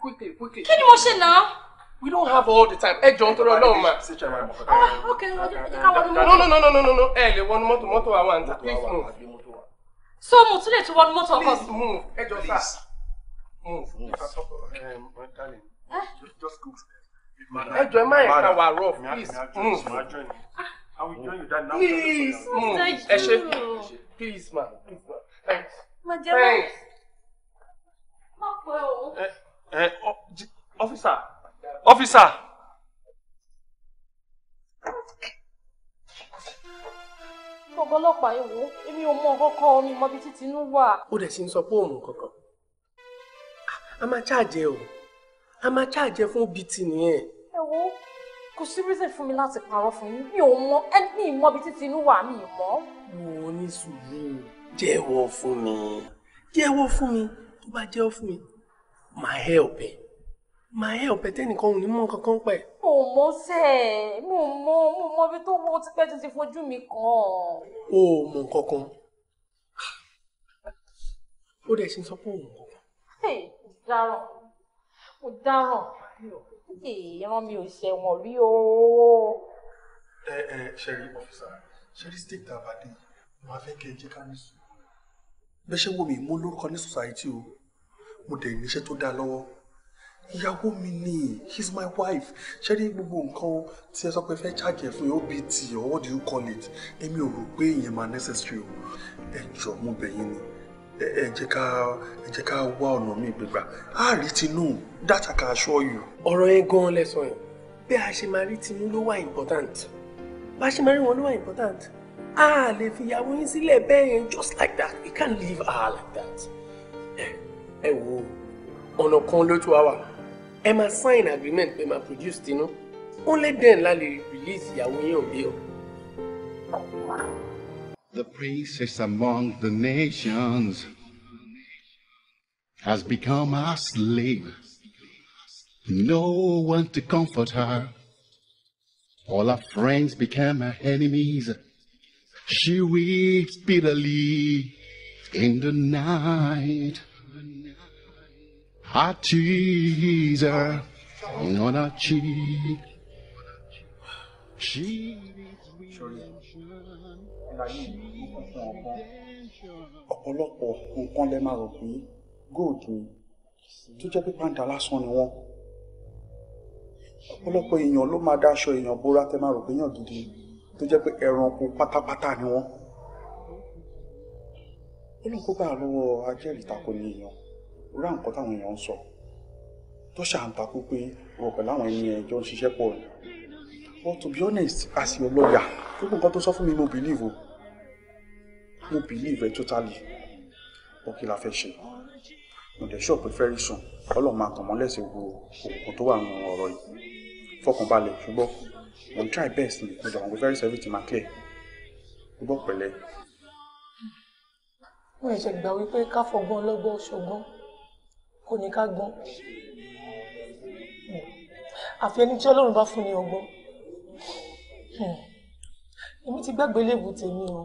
Speaker 1: quickly quickly.
Speaker 9: kí ni mo ṣe náà. We don't have all the time. Ẹ jọ nítorí Ọlọ́run ma. Ah
Speaker 1: okay, ẹ ká wọnú mọ́tò. No no
Speaker 9: no no no no ẹ lè wọnú mọ́tò mọ́tò wa wa nta. Please move. So mo tún lè tún wọnú mọ́tò ọkọ. Please move. Ẹ jọ sá. Move. Eh, um, eh? go. jọ ẹ má yẹ ká wà rọ. Ah. Please move. Please move. Ẹ ṣe. Please ma. Thanks. Thanks. Má pẹ́
Speaker 5: Eh, Ẹ eh, ẹ Officer,
Speaker 8: ọ̀gá ọlọ́pàá ìwò èmi ò mọ kọ́kọ́ omi mọbi títí inú wà.
Speaker 9: ó dẹ̀ sì ń sọ pé òun kankan a máa ṣáàjẹ́ o a máa ṣáàjẹ́ fún bt nìyẹn.
Speaker 8: ẹ wo kò sí reason fún mi láti parọ́ fún yín mi ò mọ ẹni mọbi títí inú wà mi mọ́.
Speaker 9: wo ní sùúrù jẹ́wọ́ fún mi jẹ́wọ́ fún mi tó bá jẹ́wọ́ fún mi máa help ẹ̀ máa help ẹ tẹ́nìkan ò ní mọ kankan pẹ̀. mo mọ
Speaker 8: sẹ mo mọ mo mọ ibi tó wọ́n ti pẹ́ tó ti fojú mi kàn. o
Speaker 9: ò mọ kankan ó dẹ̀ ṣe sọ pé o ò mọ kankan.
Speaker 8: mo dáràn mo dáràn ìran mi ò ṣẹ̀wọ̀n rí o.
Speaker 2: ẹ ẹ ṣẹ́rí ọ̀fíìsà ṣẹ́rí state tabade máa fẹ́ kẹ́ ẹ jẹ́ ká ní sùn bẹ́ẹ̀ ṣe wo mi mo lórúkọ ní society o mo dẹ̀ níṣẹ́ tó dáa lọ́wọ́ ìyàwó mi ni she's my wife ṣé ní gbogbo nǹkan tí ẹ sọ pé fẹ́ ṣàjẹ́ fún yóò bíi ti or what do you call it èmi ò rò pé ìyẹn máa necessary o ẹ jọ mo bẹ̀ yín ni ẹ jẹ́ ká ẹ jẹ́ ká wá ọ̀nà mi gbégbá
Speaker 9: a rí tinú that I can assure you. ọ̀rọ̀ yẹn gan-an lẹ́sọ̀ yẹn bí a ṣe máa rí tinú ló wà important bá a ṣe máa rí wọn ló wà important a lè fi ìyàwó yín sílẹ̀ bẹ́ẹ̀ yẹn just like that we can't leave her like that ẹ wo ọ̀nà kan ló tún wá wà. ẹ máa sign agreement pé máa produce know? only then la lè release ìyàwó yín òbí o.
Speaker 7: The princess among the nations has become a slave. No one to comfort her. All her friends became her enemies. She weeps bitterly in the night. I tease her on her cheek. She needs redemption. She needs
Speaker 1: redemption.
Speaker 2: ọ̀pọ̀lọpọ̀ nǹkan lẹ máa rò pé gold ni tó jẹ́ pé pàǹtà lásán ni wọ́n ọ̀pọ̀lọpọ̀ èèyàn ló máa dáṣọ èèyàn bóra tẹ máa rò pé èèyàn gidi tó jẹ́ pé ẹranko pátápátá ni wọ́n ó lóun kó bá a ajẹ́rìí tako ni èèyàn rá nǹkan táwọn èèyàn ń sọ tó ṣàǹtakú pé rò pẹ̀lú àwọn ẹni ẹjọ́ ń ṣiṣẹ́ pọ̀ ni but to be honest as your lawyer gbogbo nǹkan tó sọ fún mi mo believe o mo believe ẹ totally o kí la fẹ́ ṣe mo dẹ̀ ṣọ́ọ̀pù very soon ọlọ́run máa kàn mọ́ lẹ́sẹ̀ wo òkùnkùn tó wà nínú ọ̀rọ̀ yìí fọkànbalẹ̀ ṣùgbọ́n mo n try best ni mo dàgbọ́n very service ma clear ṣùgbọ́n pẹ̀lẹ́.
Speaker 4: wọ́n ẹ̀ṣẹ̀ gbà wípé ká fọgbọ́n ọlọ́gbọ́n ṣọgbọ́n kò ní ká gbọ́n hmm. àfi ẹni tí ọlọ́run bá fún ni ọgbọ́n hmm. èmi ti gbàgbé léèbù tèmi o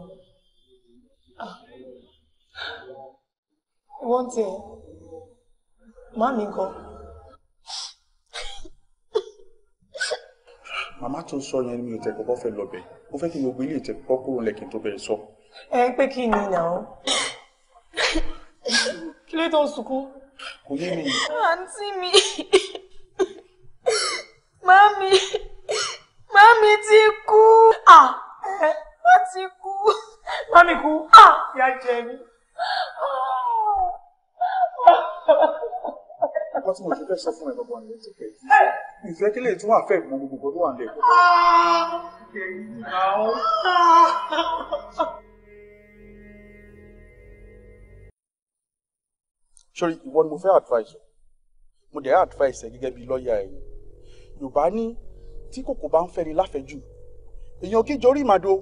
Speaker 4: wọ́n tẹ̀ màmí gan.
Speaker 2: màmá tó ń sọ yẹn ni mi ò tẹ kọ́kọ́ fẹ́ lọ bẹ̀ ó fẹ́ kí gbogbo ilé ìtẹ̀ kọ́kọ́ kúrò lẹ́kìn tó bẹ̀rẹ̀ sọ.
Speaker 4: ẹ pé kí ni nà kí ló tó ń sunkún kò yé mi. mami mami ti kú wọ́n ti kú. mami kú
Speaker 1: ìyá jẹ mi.
Speaker 5: wọ́n tí mo ti fẹ́ sọ fún ẹ gbogbo àwọn ètò pé ìfẹ́ kí mọ gbogbo tó wà ń lè.
Speaker 2: sori ìwọ ni mo fẹ́ advice o mo dẹ̀ advice ẹ gẹ́gẹ́ bí lọ́ọ̀yà ẹ̀ yorùbá ní tí kòkó bá ń fẹ́ ni láfẹ́jù èèyàn kí jorí màdo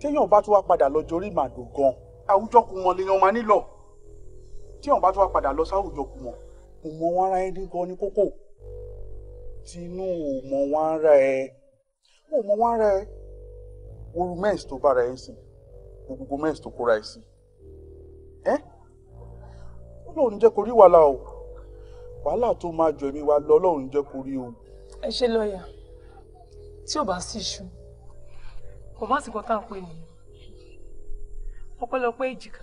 Speaker 2: téèyàn bá tún wá padà lọ jorí màdo gan àwùjọ kù wọn lèèyàn máa nílò téèyàn bá tún wá padà lọ sáwùjọ kù wọn kò mọ wọn ara ẹni gan ní kókó tinú ò mọ wọn ara ẹ ò mọ wọn ara ẹ oru mẹ́ǹsì tó bára ẹ ń sìn gbogbo mẹ́ǹsì tó kóra ẹ sìn lọ́run jẹ́ kó rí wàhálà o wàhálà tó máa jọ ẹ̀mí wa lọ lọ́run jẹ́ kó o.
Speaker 4: ẹ ṣe lọ́ọ̀yà tí ò bá sí iṣu kò má sì kọ́ tá à ń pè nìyẹn ọpẹ́lọpẹ́ èjìká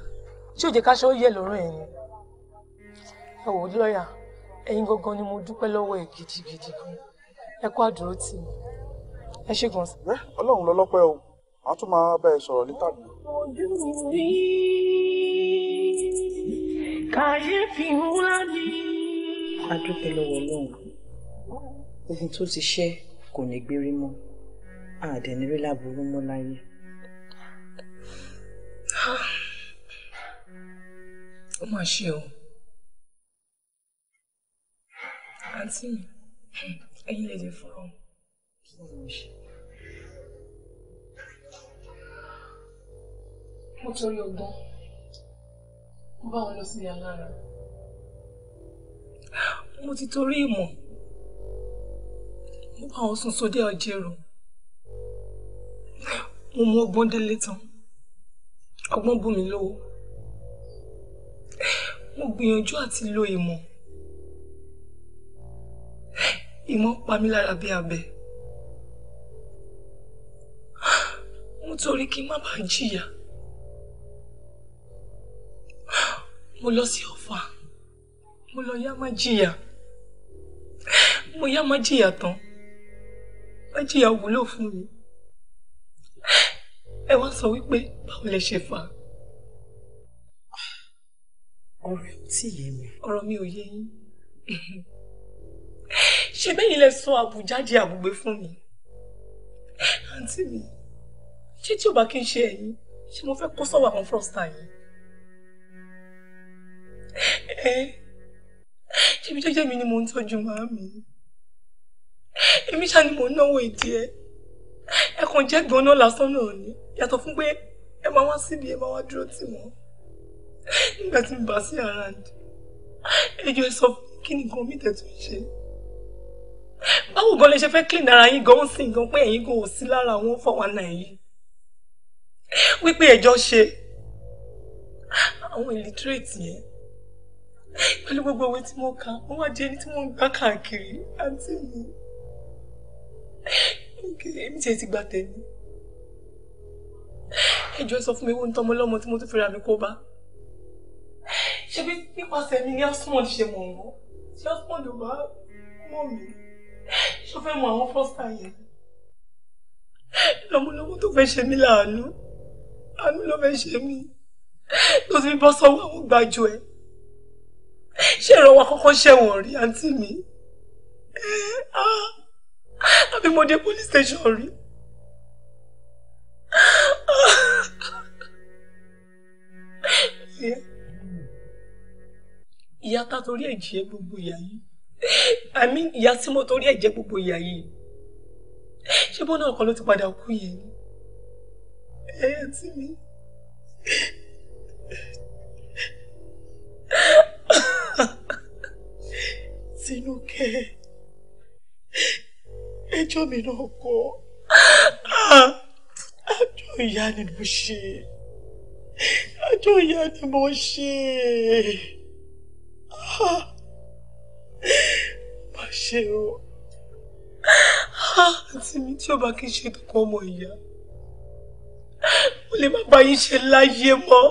Speaker 4: tí ò jẹ́ káṣọ yẹ lọrọ ẹ̀ ni ẹ wò ó lọ́ọ̀yà ẹyin gangan ni mo dúpẹ́ lọ́wọ́ ẹ̀ gidigidi gan ẹ kó àdúró tì mí ẹ ṣe gan.
Speaker 2: ọlọ́run lọ́lọ́pẹ́ o a tún máa bá ẹ sọ̀rọ̀ níta.
Speaker 1: kàyéfì ńlá ni.
Speaker 4: a dúpẹ́ lọ́wọ́ ọlọ́run ogun tó ti ṣẹ́ kò ní
Speaker 3: gbérí mọ́ àdẹ̀nirí láburú mọ́ láyé.
Speaker 4: ó mà ṣe o àǹtí mi ẹ̀yin lè lè fọ̀rọ̀. mo torí ọgbọ́n mo bá wọn lọ sí alára. mo ti torí ìmọ̀ mo bá wọn sùn sóde ọjẹ́rò mo mú ọgbọ́n délé tán ọgbọ́n bù mí lówó mo gbìyànjú àti lo ìmọ̀ ìmọ̀ pa mí lára bí abẹ mo torí kí n má bàa jìyà. mo lọ sí ọ̀fà mo lọ yá má jìyà mo yá má jìyà tán má jìyà wúlò fún mi ẹ wá sọ wípé báwo lẹ ṣe fà á. tí yé mi. ọ̀rọ̀ mi ò yé yín ṣe bẹ́yìn lẹ sọ àbújá di àbúgbé fún mi àǹtí mi ṣé ò bá kí n ṣe ẹ̀yìn ṣé mo fẹ́ kó sọ̀rọ̀ àwọn frosta yìí ṣebí jẹ́jẹ́ mi ni mo ń tọ́jú màámi èmi ṣáà ni mo ń náwó ìdí ẹ ẹ kàn jẹ́ gbọ́n náà lásán náà ni yàtọ̀ fún pé ẹ máa wá síbi ẹ máa wá dúró tì wọ́n nígbà tí mo bá sí àràǹdì ẹjọ́ ẹ sọ fún mi kí ni nǹkan mi tẹ̀tù ṣe báwo gan lè ṣe fẹ́ clean ara yín gan sí gan pé ẹ̀yin gan ò sí lára àwọn fọwọ́n náà yìí wípé ẹjọ́ ṣe àwọn illiterate yẹn pẹ̀lú gbogbo òwe tí mo kà wọ́n wá di ẹni tí wọ́n ń gbá káàkiri àǹtí mi èmi tiẹ̀ ti gba tẹ̀mí ẹjọ́ sọ fún mi ewu ń tọmọ lọ́mọ tí mo tún fẹ́ra mi kó bá ṣebí nípasẹ̀ mi ní osmond ṣe mọ̀ wọ́n tí osmond ò bá mọ̀ mí ṣó fẹ́ mọ àwọn fọ́sítà yẹn lọ́mọlọ́mọ tó fẹ́ ṣe mí láàánú àánú ló fẹ́ ṣe mí tó ti bọ́ sọ́wọ́ àwọn gbàjọ ẹ̀ ṣé ìrànwọ́ kọ́kọ́ ṣẹ̀wọ̀n rí àǹtí mi eh, ah. àbí mo dé police station rí. ìyá ta torí ẹ̀ jẹ́ gbogbo ìyá yìí àmì ìyá tí mo torí ẹ̀ jẹ́ gbogbo ìyá yìí ṣé bọ́nà ọkọ ló ti padà kú yẹn ni tí mi. Tinúkẹ́ ẹjọ́ mi náà kọ́ àjọ ìyá ni mo ṣe
Speaker 1: àjọ ìyá ni mo ṣe má ṣe o àti
Speaker 4: mi tí ó bá kí n ṣe kankan ọmọ ìyá mo lè má bá yín ṣe láyé
Speaker 1: mọ́.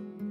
Speaker 1: Thank you.